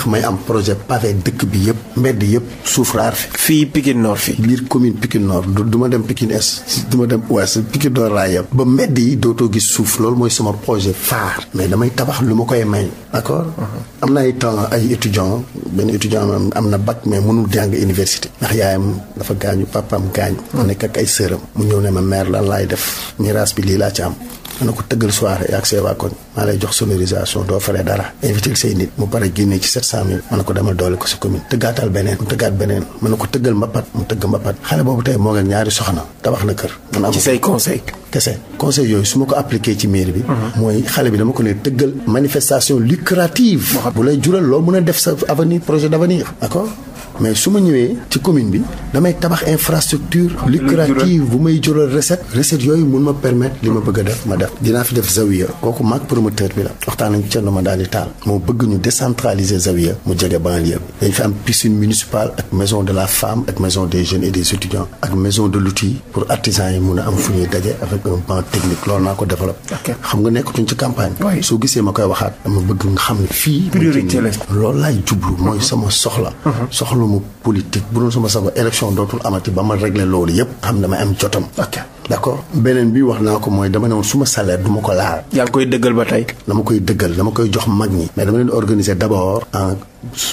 may am projet pavé dëkk bi yëpp mbedd yëpp suuf raar fi. fii Pikine Nord fi biir commune Pikine Nord du ma dem Pikine Est du ma dem Ouest Pikine Nord laa yem. ba mbedd yi dootoo gis suuf loolu mooy sama projet phare. mais damay tabax lu ma koy may. d'accord uh-huh. am na ay temps ay étudiants benn étudiant am na bac mais mënul jàng université. ndax yaayam dafa gaañu papaam gaañu. Hmm. mu nekk ak ay sëram. mu ñëw ne ma mère lan laay def miraas bi lii laa ci am. dana ko tëggal soirée ak see waa koñ maa lay jox sonorisation doo fare dara invité say nit mu pare génnee ci 700000 ma ne ko demal doole ko sa commune tëggaatal beneen mu tëggaat beneen ma ne ko tëggal mbapat mu tëgg mbapat xale boobu tey moo ngi ñaari soxna tabax na kër ci say conseil kese conseil yooyu su ma ko appliqué ci mairie bi mhm. mooy xale bi dama ko ne tëggal manifestation lucrative bu lay jural loo mën a def sa avenir projet mais su ma ñëwee ci commune bi damay tabax infrastructure lucrative bu may jural recette recette yooyu mun ma permettre li ma bëgg a def ma def dinaa fi def zawiya kooku maag promoteur bi la waxtaan nañu Thierno Madani Tall moo bëgg ñu décentraliser zawiya mu jege banlieue bi dañ fi am piscine municipale ak maison de la femme ak maison des jeunes et des étudiants ak maison de l'outil pour artisans yi mun a am fu ñuy daje avec un plan technique loolu naa ko développé xam nga nekkatuñ ci campagne ma koy waxaat nga xam ne fii priorité la loolu laay jublu mooy mhm. sama soxla mhm. problème politique bu doon sama sama élection dootul amati ba ma réglé loolu yëpp xam damay am jotam. ok d'accord beneen bi wax naa ko mooy dama ne woon suma salaire duma ko laal. yaa ngi koy dëggal ba tey. dama koy dëggal dama koy jox mag ñi. mais dama leen organiser d'abord en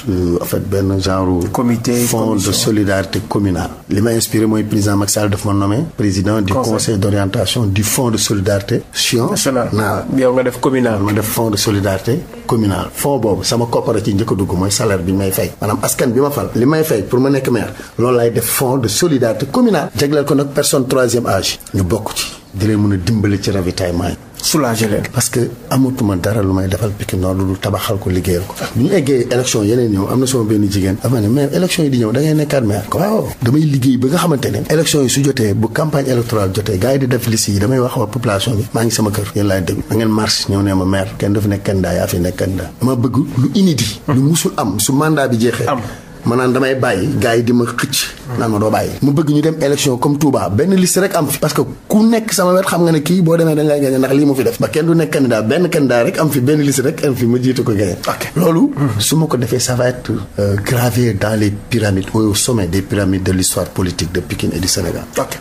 Euh, en benn genre. comité fonds de solidarité communale. li ma inspiré mooy président ma Sall daf ma nommé. président du conseil d' orientation du fonds de solidarité. chion national yow nga def communal. ma def fonds de solidarité communal. fonds boobu sama koppar ci njëkk a dugg mooy salaire bi may fay. maanaam askan bi ma fal. li may fay pour ma nekk maire. loolu lay def fonds de solidarité communale. jagleel ko nag personne troisième âge. ñu bokk ci. di leen mën a dimbali ci ravitaillement yi. soulager leen. parce que amatuma dara lu may defal Pikine Nord lu tabaxal ko liggéeyal ko. bu ñu eggee élection yeneen ñëw am na sama benn jigéen. am ne mais élection yi di ñëw da ngay nekkaat maire. waaw damay liggéey ba nga xamante ne. élection yi su jotee bu campagne électorale jotee gars di def liste yi damay wax waa population bi maa ngi sama kër yéen laay déglu. da ngeen marche ñëw ne ma maire kenn dafa nekk candidat yaa fi nekk candidat. dama bëgg lu inédit. lu musul am su mandat bi jeexee. am ma naan damay bàyyi gars yi di ma xëcc naan ma doo bàyyi mu bëgg ñu dem élection comme Touba benn liste rek am fi parce que ku nekk sama wet xam nga ne kii boo demee dañ lay gagné ndax lii mu fi def ba kenn du nekk candidat benn candidat rek am fi benn liste rek am fi ma jiitu ko gagné ok loolu hmm. su ma ko defee ça euh, gravé dans les pyramides au sommet des pyramides de l'histoire politique de Pikine et du Sénégal ok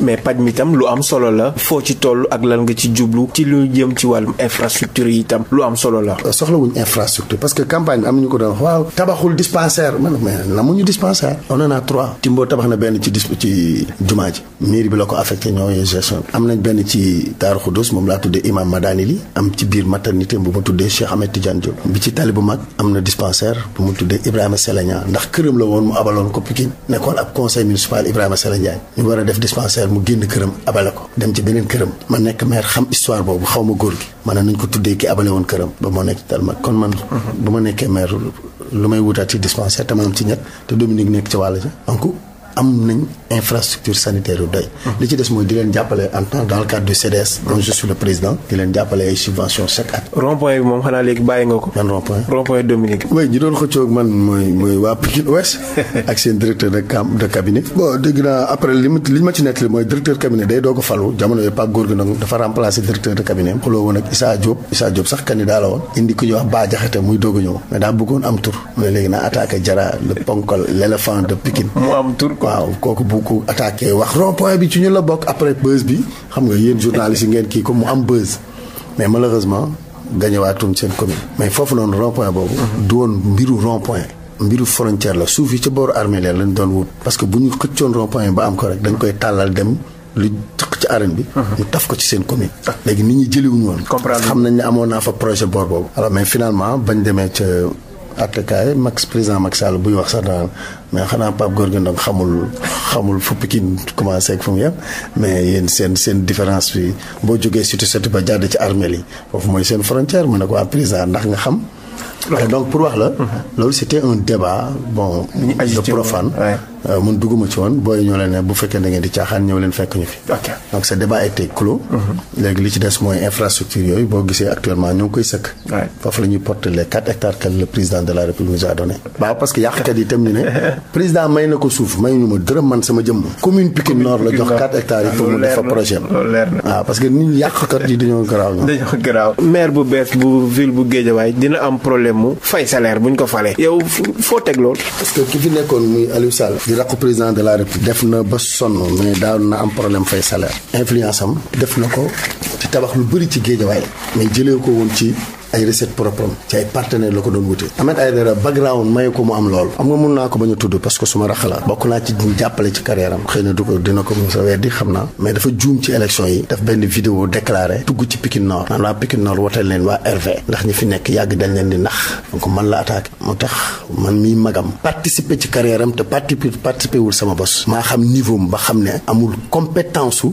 mais paj mi tam lu am solo la foo ci toll ak lan nga ci jublu ci lu jëm ci wàllum infrastructure yi tam lu am solo la euh, soxlawuñ infrastructure parce que campagne bi am ko doon wax waaw tabaxul dispensaire mais namuñu dispensaire on en a trois Timbo tabax na benn ci dis ci la ko affecté ñoo bi am nañ benn ci Daaru Xudus moom laa tuddee imam Madani li am ci biir maternité bu ma tuddee Cheikh Ahmed Tidiane Diop bi ci tali bu mag am na dispensaire bu mu tuddee Ibrahima Seleña ndax këram la woon mu abaloon ko Pikine nekkoon ab conseil municipal Ibrahima Sele Ndiaye ñu war a def dispensaire mu génn këram abale ko dem ci beneen këram ma nekk maire xam histoire boobu xaw ma góor gi ma ne ko tuddee ki abale woon këram ba moo nekk tal mag kon man bu lu may wutaat ci dispensaire te ma am ci ñett te Dominique nekk ci wàll ja donc am nañ infrastructure sanitaire yu doy. Ah. li ci des mooy di leen jàppale en tant dans le cadre du CDS. donc je suis le président di leen jàppale ay subventions chaque at. rond bi moom xanaa léegi bàyyi nga ko. man rond point Dominique. oui ñu doon man mooy mooy waa Pikine Ouest ak seen directeur de cabinet. bon dégg naa après li ma li ma ci nettali mooy directeur cabinet day doog a falu jamono yooyu Pape Gorgui Ndong dafa remplacer directeur de cabinet am. xuloo a ñëw mais daa bëggoon am l' éléphant mu am waaw kooku bu ko attaqué wax rond bi ci ñu la bokk après buzz bi xam nga yéen journaliste yi ngeen kii ko mu am buzz mais malheureusement gañewaatuñ seen commune. mais foofu noonu rond point boobu. du woon mbiru rond point. mbiru frontière la suuf yi ca booru armée la lañ doon wut. parce que bu ñu xëccoon rond point ba am ko rek dañ koy tàllal dem lu tëq ci arène bi. ñu mhm. taf ko ci seen commune. léegi nit ñi jëliwuñu woon. comprendre xam nañ ne amoon naa fa projet boor boobu. mais finalement bañ demee attekaay max président Macky Sall buy wax sax daan mais xanaa Pape Gorgui Ndong xamul xamul fu Pikine commencé ak fu mu yem mais yéen seen seen différence bi boo jógee surtout surtout ba jàdd ci armée li foofu mooy seen frontière mu ne ko ah président ndax nga xam voilà donc pour wax la. loolu c' était un débat bon. de profane. Euh, mun dugguma ci woon booy ñoo leen bu fekkee da di caaxaan ñëw leen fekk ñu fi. donc ce débat était clos. Mhm. léegi li ci des mooy infrastructure yooyu boo gisee actuellement ñoo koy sëkk. foofu la ñuy porter les quatre hectares président de la république nous donné. waaw parce que yàqkat yi itam ñu ne. président may na ko suuf may ñu ma dërëm man sama jëmm. commune Pikine la jox quatre hectares yi ah, pour mu mu fay salaire bu ñu ko falee yow foo teg loolu. parce que ki fi nekkoon muy Aliou Sall. di ràqu président de la République. def na ba sonn mais daaw na am problème fay salaire. influence am def na ko ci tabax lu bëri ci géejawaay mais jëlee ko woon ci. ay recette propre am ay partenaire la ko doon wute Ahmed Aïdara background mayu ko mu am loolu am nga mun naa ko bañ a tudd parce que suma raxala bokk naa ci ñu jàppale ci carrière am xëy na du ko dina ko mun sa weddi xam naa mais dafa juum ci élection yi daf benn vidéo déclaré tugg ci Pikine Nord naan waa Pikine Nord wateel leen waa RV ndax ñi fi nekk yàgg dañ leen di nax donc man la attaqué moo tax man mii magam participer ci carrière te participer participer wul sama bos maa xam niveau ba xam ne amul compétence su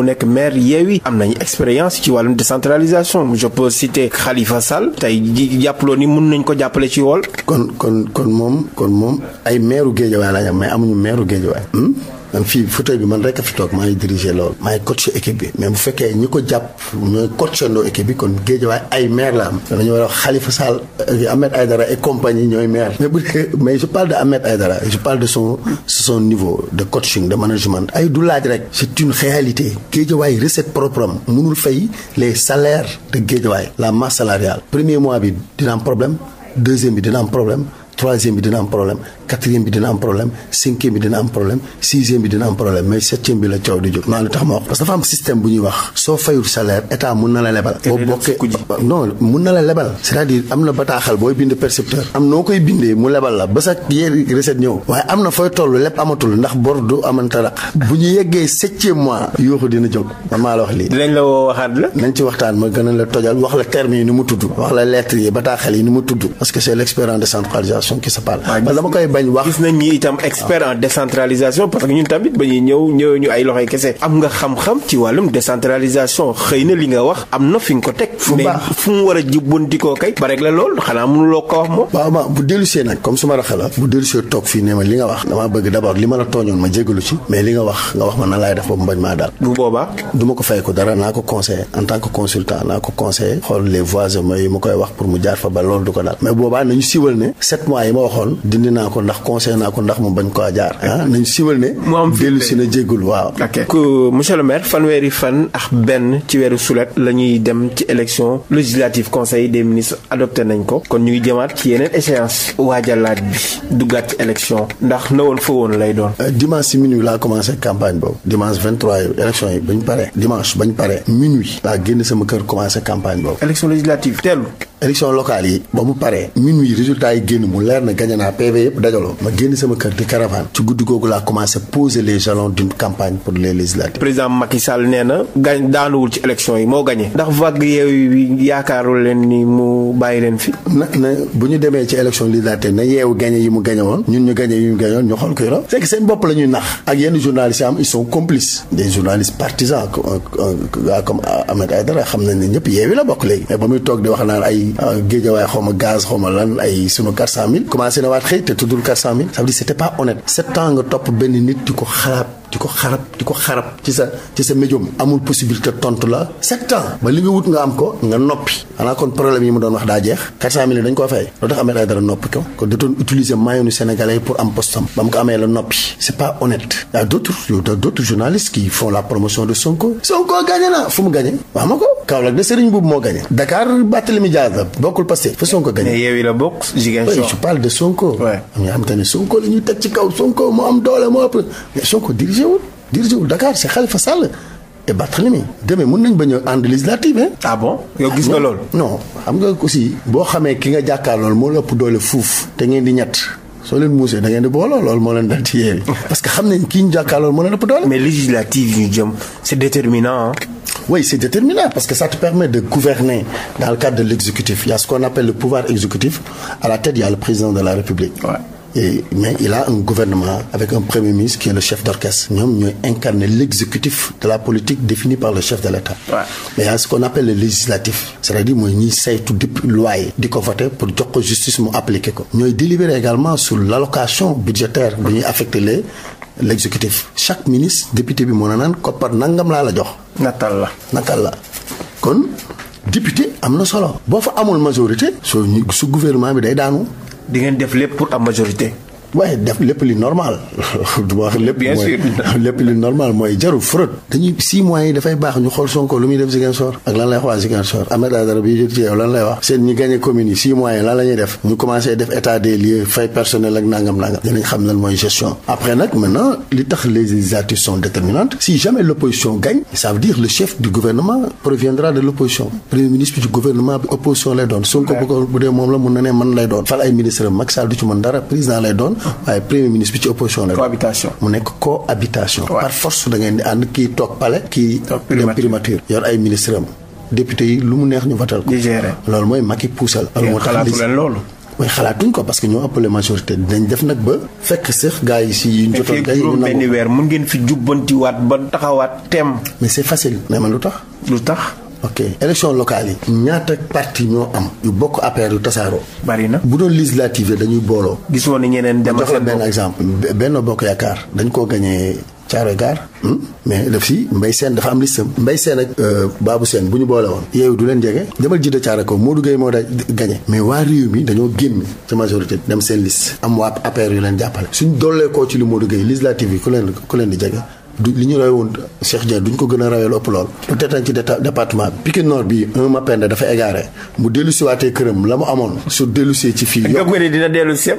mu nekk maire Yewwi am nañu expérience ci wàllum décentralisation je peux citer xalifa Sall tey ji jàppaloo ni mun nañ ko jàppale ci wool kon kon kon moom kon moom ay géej Guédiawaye la mais amuñu maire Guédiawaye hmm? man fii fauteuil bi man rek a fi toog maay diriger loolu maay coach équipe bi mais bu fekkee ñi ko jàpp ñooy coachandoo équipe bi kon Guédiawaye ay maire la am dañu war a wax saal Sall euh, Ahmed Aïdara et compagnie ñooy maire mais bu dee mais je parle de Ahmed Aïdara je parle de son son niveau de coaching de management ay du laaj rek c'est une réalité Guédiawaye recette propre am mënul fay les salaires de Guédiawaye la masse salariale premier mois bi dina am problème deuxième dina am problème troisième bi dina am problème quatrième bi dina am problème cinquième bi dina am problème sixième bi dina am problème mais septième bi la coow di jóg maa lu tax ma wax parce que dafa am système bu ñuy wax soo fayul salaire état mun na la lebal boo bokkee non mun na la lebal c'est-à-dire am na bataaxal booy bind percepteur am noo koy bindee mu lebal la ba sa yéen recette ñëw waaye am na fooy toll lépp amatul ndax bor du amanta raq bu ñu yeggee septième mois yuuxu dina jóg man maa la wax lii dinañ la woo waxaat la nañ ci waxtaan ma gën a la tojal wax la terme yi ni mu tudd wax la lettres yi bataaxal yi ni mu tudd parce que c'est l'expérience de centralisation qui se parle lañ wax. gis nañ ñi itam expert en décentralisation parce que ñun tamit ba ñuy ñëw ñu ay loxoy kese. am nga xam-xam ci wàllum décentralisation xëy na li nga wax am na fi nga ko teg. fu mu war a jubbanti koo kay. ba rek la lool xanaa mënuloo ko wax moom. bu dellusee nag comme suma raxala bu dellusee toog fii ne li nga wax. damaa bëgg d'abord li ma la tooñoon ma jégalu ci. mais li nga wax nga wax ma nan laay def mu bañ maa daal. bu boobaa. du ko fay ko dara naa ko conseiller en tant que consultant wax ba loolu du ndax conseil naa ko ndax mu bañ koo jaar ah nañ siwal ne. mu am dellu si na jéggul waaw. ku monsieur le fanweeri fan ak benn ci weeru sulet la ñuy dem ci élection législative conseil des ministres adopté nañ ko kon ñu ngi jëmaat ci yeneen échéance waajalaat bi duggaat ci élection ndax na woon fa woon lay doon. Euh, dimanche si minuit laa commencé campagne boobu dimanche 23 yooyu élection yi bañ pare dimanche bañ pare minuit laa génn sama kër commencé campagne boobu. élection yi ba yi génn mu dajaloo ma génn sama kër di caravane ci guddi googu laa commencé poser les jalons d'une campagne pour les législatives. président Macky Sall nee na gañ daanuwul ci élection yi moo gagné. ndax vague yeewu yi ni mu bàyyi leen fi. na na bu ñu demee ci élection na yeewu gagné yi mu gagné woon ñun ñu gagné yi mu gagné woon ñu xool ko yoroon. c'est seen bopp la ñuy nax. ak yenn journalistes yi am ils sont complices. des journalistes partisans euh, euh, comme Ahmed Aïdara xam nañ ne ñëpp yeewi la bokk léegi. mais toog di wax naan ay euh, géejawaay xaw ma gaz xaw ma lan ay sunu 400000. commencé na waat xëy te tuddul 400 000 ça veut dire c'était pas honnête sept nga topp benn nit di ko xalaat di ko xarab di ko xarab ci sa ci sa médium amul possibilité tontu la sept ans ba li nga wut nga am ko nga noppi xanaa kon problème yi mu doon wax daa jeex quatre cent dañ koo fay loo tax Ahmed Aïdara da doon utiliser maillonu sénégalais pour am postam ba mu ko amee la noppi c'est pas honnête y a d'autres qui font la promotion de Sonko Sonko gagné na fu mu gagné wax ma ko Kaolack de Serigne Boubou moo gagné Dakar Barthélémy Diaz la bokkul Pastef fa Sonko gagné mais Yewwi la bokk Ziguinchor je parle de Sonko am nga xam te Sonko la teg ci kaw Sonko moo am doole moo ëpp Sonko dirige dirigé wul dirigé wul Dakar c' est Khalifa Sall et mun nañ bañ a ànd législative hein. ah bon yow gis nga loolu. non xam nga aussi boo xamee ki nga jàkkaarlool moo la ëpp doole fuuf te ngeen di ñett. soo leen muusee da di booloo loolu moo leen dal ci yéen parce que xam nañ kii ñu jàkkaarloo moo leen ëpp doole. mais législative yi jëm c' déterminant. oui c' déterminant parce que ça te permet de gouverner dans le l' exécutif il y la tête il y de la république. Ouais. et mais il a un gouvernement avec un premier ministre qui est le chef d'orchestre ñoom ñooy incarner l'exécutif de la politique définie par le chef de l'État mais il y a ce qu'on appelle le législatif c'est-à-dire mooy ñiy saytu dépp loi di ko voter pour jox ko justice mu appliquer ko ñooy délibérer également su l'allocation budgétaire bu ñuy affecté le l'exécutif chaque ministre député bi moo na naan koppar nangam laa la jox natal la natal la kon député am na solo boo amul majorité soo su gouvernement bi day daanu di ngeen def lépp pour am majorité. waaye def lépp li normal du ma wax lépp. mooy jarul fraude. dañuy six mois yi dafay baax ñu xool Sonko lu muy def Ziguinchor ak lan lay wax waa bi jóg ci yow lan lay wax. seen ñi gagné commune la ñuy def ñu commencé def état des lieux fay personnel ak nangam nangam. dinañ xam lan mooy gestion après nag maintenant li tax les législatures sont déterminantes si jamais l'opposition gagne ça veut le chef du gouvernement proviendra de l'opposition premier ministre du gouvernement bi opposition lay doon. Sonko bu ko bu lay doon. waaye premier ministre bi ci opposition la. cohabitation mu nekk cohabitation. par force ngeen di ànd kii toog pale kii dem primature yor ay ministre am député yi lu mu neex ñu votal ko. loolu mooy Macky puusal. loolu moo tax loolu. mooy xalaatuñ ko parce que ñoo ëppale majorité dinañ def nag ba fekk sax gars yi si yuñ jotoon gars yi ñu nangu weer mun ngeen fi jubbantiwaat ba taxawaat tem mais c'est facile mais man lu tax lu tax ok élection locale yi. ñaata parti ñoo am. yu bokk APR yu tasaaroo. bari na bu doon législative dañuy booloo. gis woon ni ñeneen dem jox la benn exemple benn bokk yaakaar dañ koo gañee Thiaroye gar hmm? mais daf si Mbaye Sène dafa am listam Mbaye Sène ak euh, Babou Sène bu ñu boole woon yeewu du leen jege demal jidda caare ko Modou Gueye moo da gañe mais waa réew mi dañoo génn ci majorité dem seen liste am waa APR yu leen jàppale suñ doolee koo ci lu Modou Gueye législative yi ku leen ku leen di jege du li ñu roy woon Cheikh Dia duñ ko gën a rawee lu ëpp lool. lu tetaan ci département bi Pikine Nord bi un Mapenda dafa égaré mu dellu si këram la mu amoon su dellu see ci fii. yokku gëm dina dellu si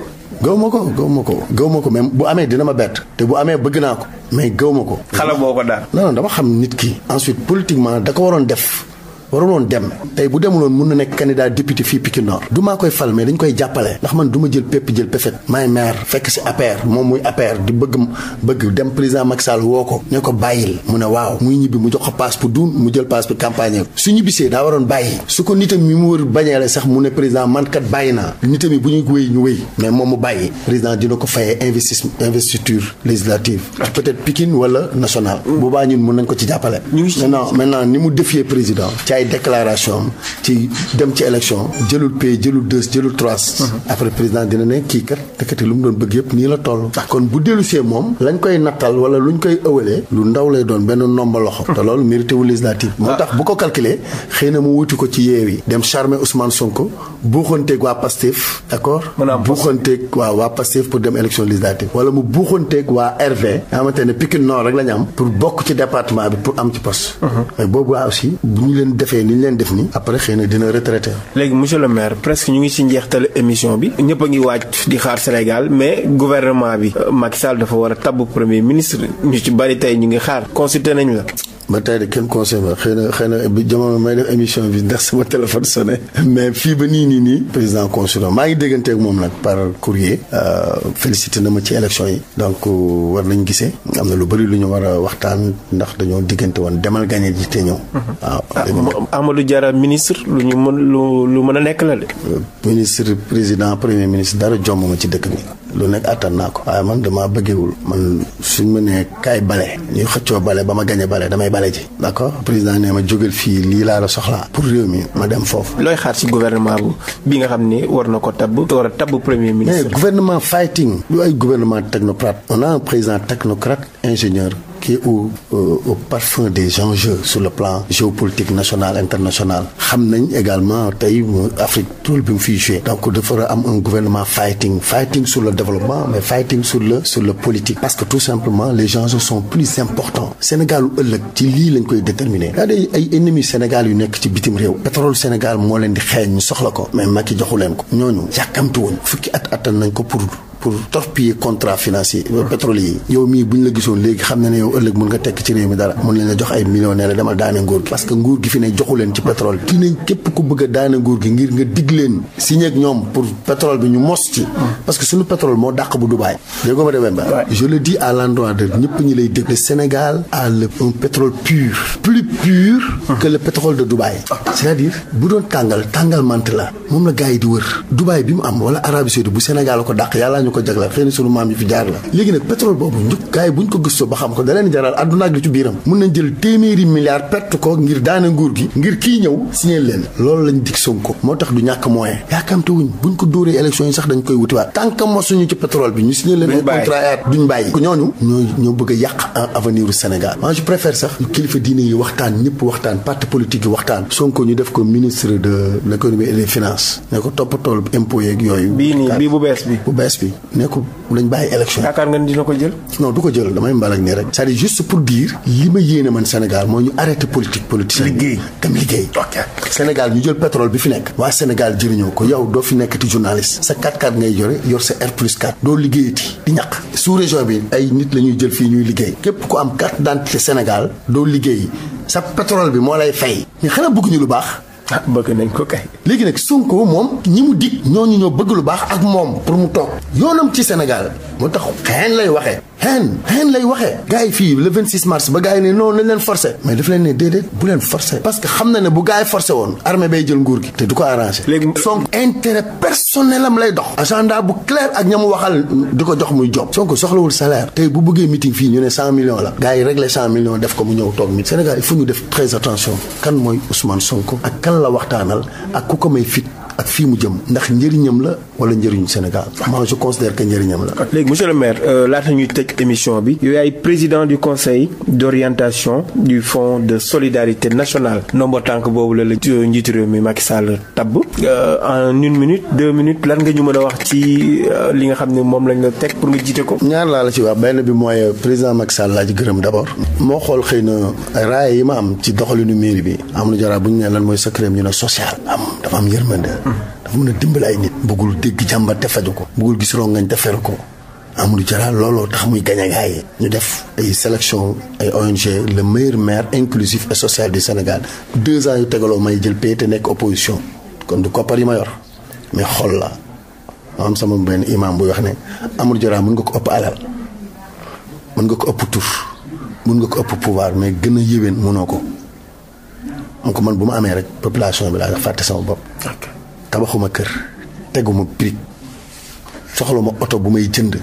gaw ma ko gaw ma ko gaw ma ko même bu amee dina ma bett te bu amee bëgg naa ko mais gaw ma ko. xala ko daal. non dama xam nit ki. ensuite politiquement da ko waroon def. waruloon dem tey bu demuloon mun na nekk candidat député fii Pikine Nord du maa koy fal mais dañ koy jàppale ndax man du ma jël pépp jël pefet maay maire fekk si APR moom muy APR di bëgg bëgg dem président Macky Sall woo ko ne ko bàyyil mu ne waaw muy ñibbi mu jox ko passe pour duun mu jël passe pour campagne su ñibbisee daa waroon bàyyi su ko nitam mi mu wër bañeele sax mu ne président man kat bàyyi naa nitam yi bu ñu wéy ñu wéy mais moom mu bàyyi président dina ko fayee investissement investiture législative ah. peut-être Pikine wala national mm. boobaa ñun mun nañ ko ci jàppale maintenant maintenant ni mu défier président ay déclaration am ci dem ci élection jëlul pays jëlul deux jëlul trois. Mhm. après président dina ne kii kat dëkkati lu mu doon bëgg yëpp nii la toll. kon bu dellusee moom lañ koy nattal wala luñ koy ëwalee lu ndaw lay doon benn nomba loxo. Mhm. te loolu mérité wu législative. moo ah. tax bu ko calculer xëy na mu wuti ko ci yi dem charmer Ousmane Sonko buuxanteeg waa Pastef d'accord. mën naa buuxanteeg waa waa Pastef pour dem élection législative. wala mu buuxanteeg waa RV. nga xamante ne Pikine rek la ñu am. pour bokk ci département bi am ci poste. Mhm. defee ni ñu leen def nii après xëy na dina retraité. léegi monsieur le maire presque ñu ngi ci njeextal émission bi ñëpp a ngi waaj di xaar Sénégal mais gouvernement bi euh, Macky Sall dafa war a tabb premier ministre ñu ci bari tey ñu ngi xaar consulté nañ la. ba tey de kenn conseil ma xëy na xëy na bi jamono may émission bi ndax sama téléphone sonné mais fii ba nii nii nii président consulat maa ngi déggante ak moom nag par courrier euh, félicité na ma ci élection yi donc euh, war nañ gisee am na lu bëri lu ñu war a waxtaan ndax dañoo diggante woon demal gagné ji te ñëw mhm. ah, ah, Amadou Diarra ministre lu ñu mën lu lu mën a nekk la de. Euh, ministre président premier ministre dara jommu ma ci dëkk bi. lu nekk attan naa ko waaye man damaa bëggewul man suñ ma nee kaay bale ñuy xëccoo bale ba ma gañe bale damay bale ji d'accord président nee ma jógal fii lii laa la soxlaa pour réew mi ma dem foofu looy xaar ci guvernement bu bi nga xam ne war na ko te war a tabb premier ministre mais gouvernement fighting lu ay gouvernement technocrate on a un président technocrate ingénieur qui est au, au, euh, au parfum des enjeux sur le plan géopolitique national international xam nañ également tey Afrique tool bi mu fiy joué donc dafa am un gouvernement développement mais fighting sur le sur le politique parce que tout simplement les enjeux sont plus importants Sénégal lu ëllëg ci lii lañ koy déterminer daa day ay ennemis Sénégal yu nekk ci bitim réew pétrole Sénégal moo leen di xeeñ ñu soxla ko mais Macky joxu leen ko ñooñu yàkkamti woon fukki at attan nañ ko pour pour torpiller contrat financier euh, pétrolier yi yow mii bu ñu la gisoon léegi xam ne ne yow ëllëg mun nga tekk ci réew mi dara mun leen a jox ay millionnaire demal daane nguur gi parce nguur gi fi ne joxu leen ci pétrole bi dinañ képp ku bëgg a daane nguur gi ngir nga dig leen signé ak ñoom pour pétrole bi ñu mos ci parce que suñu pétrole moo dàq bu Dubaï déggoo ma demee ba je le dis à l'endroit de ñëpp ñi lay dégg Sénégal a pétrole pur plus pur que le ko jagleel xëy na sunu jaar la léegi nag pétrole boobu ñu gars yi buñ ko gëstoo ba xam ko da leen jaral àdduna ak li ci biiram mun nañ jël téeméeri milliards perte ko ngir daana nguur gi ngir kii ñëw signé leen lañ dig Sonko moo tax du ñàkk moyen yaakaamte wuñ buñ ko dóoree élection yi sax dañ koy wutiwaat tant que mosuñu ci pétrole bi ñu signé leen ay contrat duñ bàyyi ñooñu ñooy ñoo bëgg a yàq avenir u Sénégal moi je préfère sax kilifa diine yi waxtaan ñëpp waxtaan parti politique yi waxtaan Sonko ñu def ko ministre de l'économie et des finances ne ko toppatool impôt yeeg yooyu bii nii bii bu bees bi bees bi nekkul lañ bàyyi élection. yaakaar nga ni dina ko jël. non du ko jël damay mbalak nii rek. c'est-à-dire juste pour dire. li ma yéene man Sénégal mooy ñu arrêté politique politique. liggéey dem liggéey. ñu jël pétrole bi fi nekk. waa Sénégal jëriñoo ko yow doo fi nekk ti journaliste. sa 4-4 ngay yore yor sa R plus 4. doo liggéeyati di ñaq. sous région bi ay nit la ñuy jël fii ñuy liggéey. képp ku am carte d'identité Sénégal doo liggéey sa pétrole bi moo lay fay. mais xanaa bëgg ñu baax. ah bëgg nañ ko kay. léegi nag Sonko moom ñi mu dikk ñooñu ñoo bëgg lu baax ak moom pour mu toog yoonam ci Sénégal moo tax xeen lay waxee. xeen xeen lay waxee gars yi fii le 26 mars ba gars yi ne non leen forcé mais daf leen ne déedéet bu leen forcé parce que xam na ne bu gars yi forcé woon armée bay jël nguur gi te du ko arrangé léegi Sonko intérêt personnel am lay dox agenda bu clair ak ñamu waxal di ko jox muy job Sonko soxlawul salaire tey bu bëggee meeting fii ñu ne 100 millions la gars yi réglé 100 millions def ko mu ñëw toog mi Sénégal il faut ñu def très attention kan mooy Ousmane Sonko ak kan la waxtaanal ak ku ko may fit ak fii mu jëm ndax njëriñam la wala njëriñu Sénégal moi je considère que njëriñam la. léegi monsieur le maire euh, laa ñuy tëj émission bi yow yaay président du conseil d'orientation du fonds de solidarité nationale nombo tànk boobu la la euh, njiitu réew mi Macky Sall tabb euh, en une minute deux minutes lan nga ñu mën a wax ci li nga xam ne moom lañ la teg pour nga jiite ko. ñaar laa la si wax benn bi mooy président Macky Sall laa ci gërëm d'abord. moo xool xëy na raaya yi ma am ci doxalinu mairie bi am na jara bu ñu ne lan mooy secret ñu ne social am dafa am yërmande dafa mën a dimbali ay nit bëggul dégg jàmbat te faju ko bëggul gis rongañ te fer ko Amadou Diarra looloo tax muy gañ gaa yi ñu def ay sélection ay ONG le meilleur maire inclusif et social du Sénégal deux ans yu tegaloo may jël pay te nekk opposition kon du koppar yi ma yor mais xol la ma am sama benn imam buy yox ne Amadou Diarra mën nga ko ëpp alal mën nga ko ëpp tur mën nga ko ëpp pouvoir mais gën a yéwén mënoo ko donc man bu ma amee rek population bi laa fàtte sama bopp. tabaxuma kër teguma prix soxla ma oto bu may jënd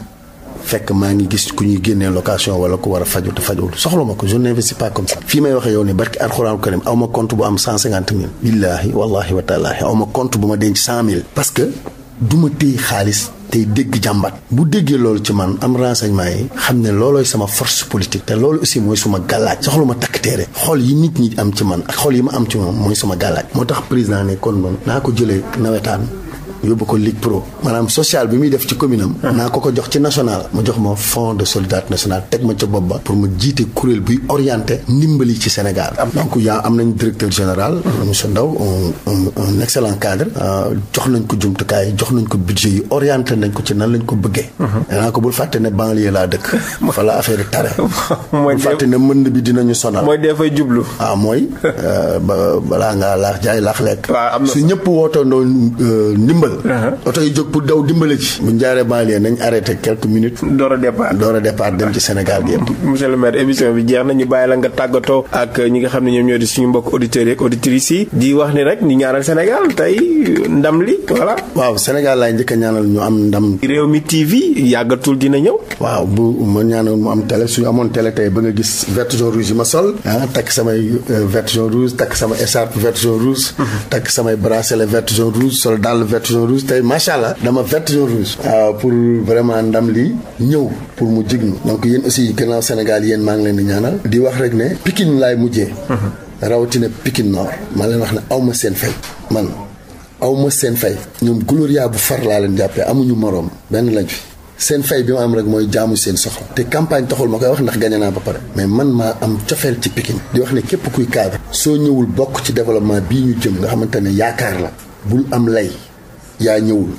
fekk maa ngi gis ku ñuy génnee location wala ku war a faju te fajul soxla ma ko je n'investis pas comme fii may waxee yow ni barki alxuraan karim aw ma compte bu am cent cinquante mille. billaahi wallaahi wa taalaahi aw ma compte bu ma denc cent mille. parce que du ma téye xaalis. tey dégg jàmbat bu déggee loolu ci man am renseignement yi xam ne loolooy sama force politique te loolu aussi mooy suma gàllaaj soxlu ma takk téere xool yi nit ñi am ci man ak xool yi ma am ci moom mooy suma gàllaaj moo tax président ne kon man naa ko jëlee nawetaan yóbbu ko Ligue Pro maanaam social bi muy def ci commune am ah. naa ko ko jox ci national mu jox ma fonds de solidarité nationale teg ma ca bopp ba pour ma jiite kuréel buy orienté ndimbali ci Sénégal donc yaa am nañ directeur général ah. monsieur Ndaw un excellent cadre euh, jox nañ ko jumtukaay jox nañ ko budget yi orienté nañ ko ci nan lañ ko bëggee ah. danaa ko bul fàtte ne banlieue laa dëkk fa la affaire tare bul fàtte ne mënd bi dinañu sonal mooy dee fay jublu ah mooy euh, jëmbal. Uh-huh. oto yi jóg pour daw dimbale ci. bu njaaree banlieue nañ arrêté quelques minutes. door a départ door a départ dem ci Sénégal gi yëpp. monsieur le maire émission bi jeex na ñu bàyyi la nga tàggatoo ak ñi nga xam ne ñoom ñoo di suñu mbokk auditeurs yeeg auditrices yi di wax ni rek ñu ñaanal Sénégal tey ndam li voilà. waaw Sénégal laay njëkk a ñaanal ñu am ndam. réew mi TV yàggatul dina ñëw. waaw bu ma ñaanal mu am télé suñu amoon télé tey ba nga gis vert jaune rouge yi ma sol. ah takk samay euh, vert jaune rouge takk zone tey macha allah dama verte zone rouge. pour vraiment ndam li ñëw pour mu jig ñu donc yéen aussi gannaaw Sénégal yéen maa ngi leen di ñaanal. di wax rek ne pikin laay mujjee. rawatina Pikine Nord. maa leen wax ne aw ma seen fay man. aw ma seen fay ñoom gloria bu far laa leen jàppee amuñu moroom benn lañ fi seen fay bi ma am rek mooy jaamu seen soxla te campagne taxul ma koy wax ndax gañe naa ba pare mais man maa am cofeel ci Pikine di wax ne képp kuy cadre soo ñëwul bokk ci développement bii ñu jëm nga xamante ne yaakaar la bul am lay yaa ñëwul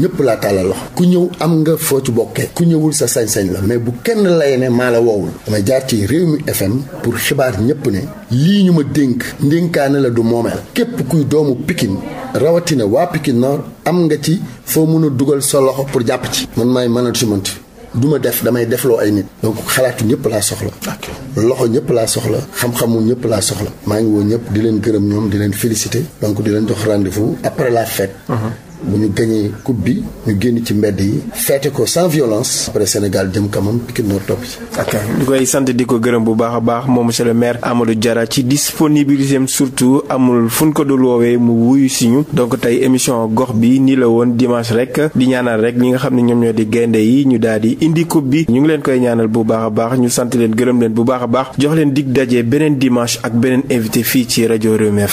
ñëpp laa tàllal loxo ku ñëw am nga foo ci bokkee ku ñëwul sa sañsañ la mais bu kenn lay ne maa la woowul damay jaar ci réew mi FM pour xibaar ñëpp ne lii ñu ma dénk ndénkaane la du moomeel képp kuy doomu Pikine rawatina waa Pikine Nord am nga ci foo mën a dugal sa loxo pour jàpp ci man maay management du ma def damay defloo ay nit donc xalaatu ñëpp laa soxla loxo ñëpp laa soxla xam-xamu ñëpp laa soxla maa ngi woo ñëpp di leen gërëm ñoom di leen féliciter donc di leen jox rendez-vous après laa fet bu ñu gañee coupe bi ñu génn ci mbedd yi feete ko sans violence après Sénégal jëm kanam Pikine Nord topp ci ok koy sant di ko gërëm bu baax a baax moom monsieur le maire Amadou Diarra ci disponibilité surtout amul fu ko dul woowee mu wuyu siñu donc tey émission gox bi nii la woon dimanche rek di ñaanal rek ñi nga xam ne ñoom ñoo di gaynde yi ñu daal di indi coupe bi ñu ngi leen koy ñaanal bu baax a baax ñu sant leen gërëm leen bu baax a baax jox leen dig daje beneen dimanche ak beneen invité fii ci rajo Rewmi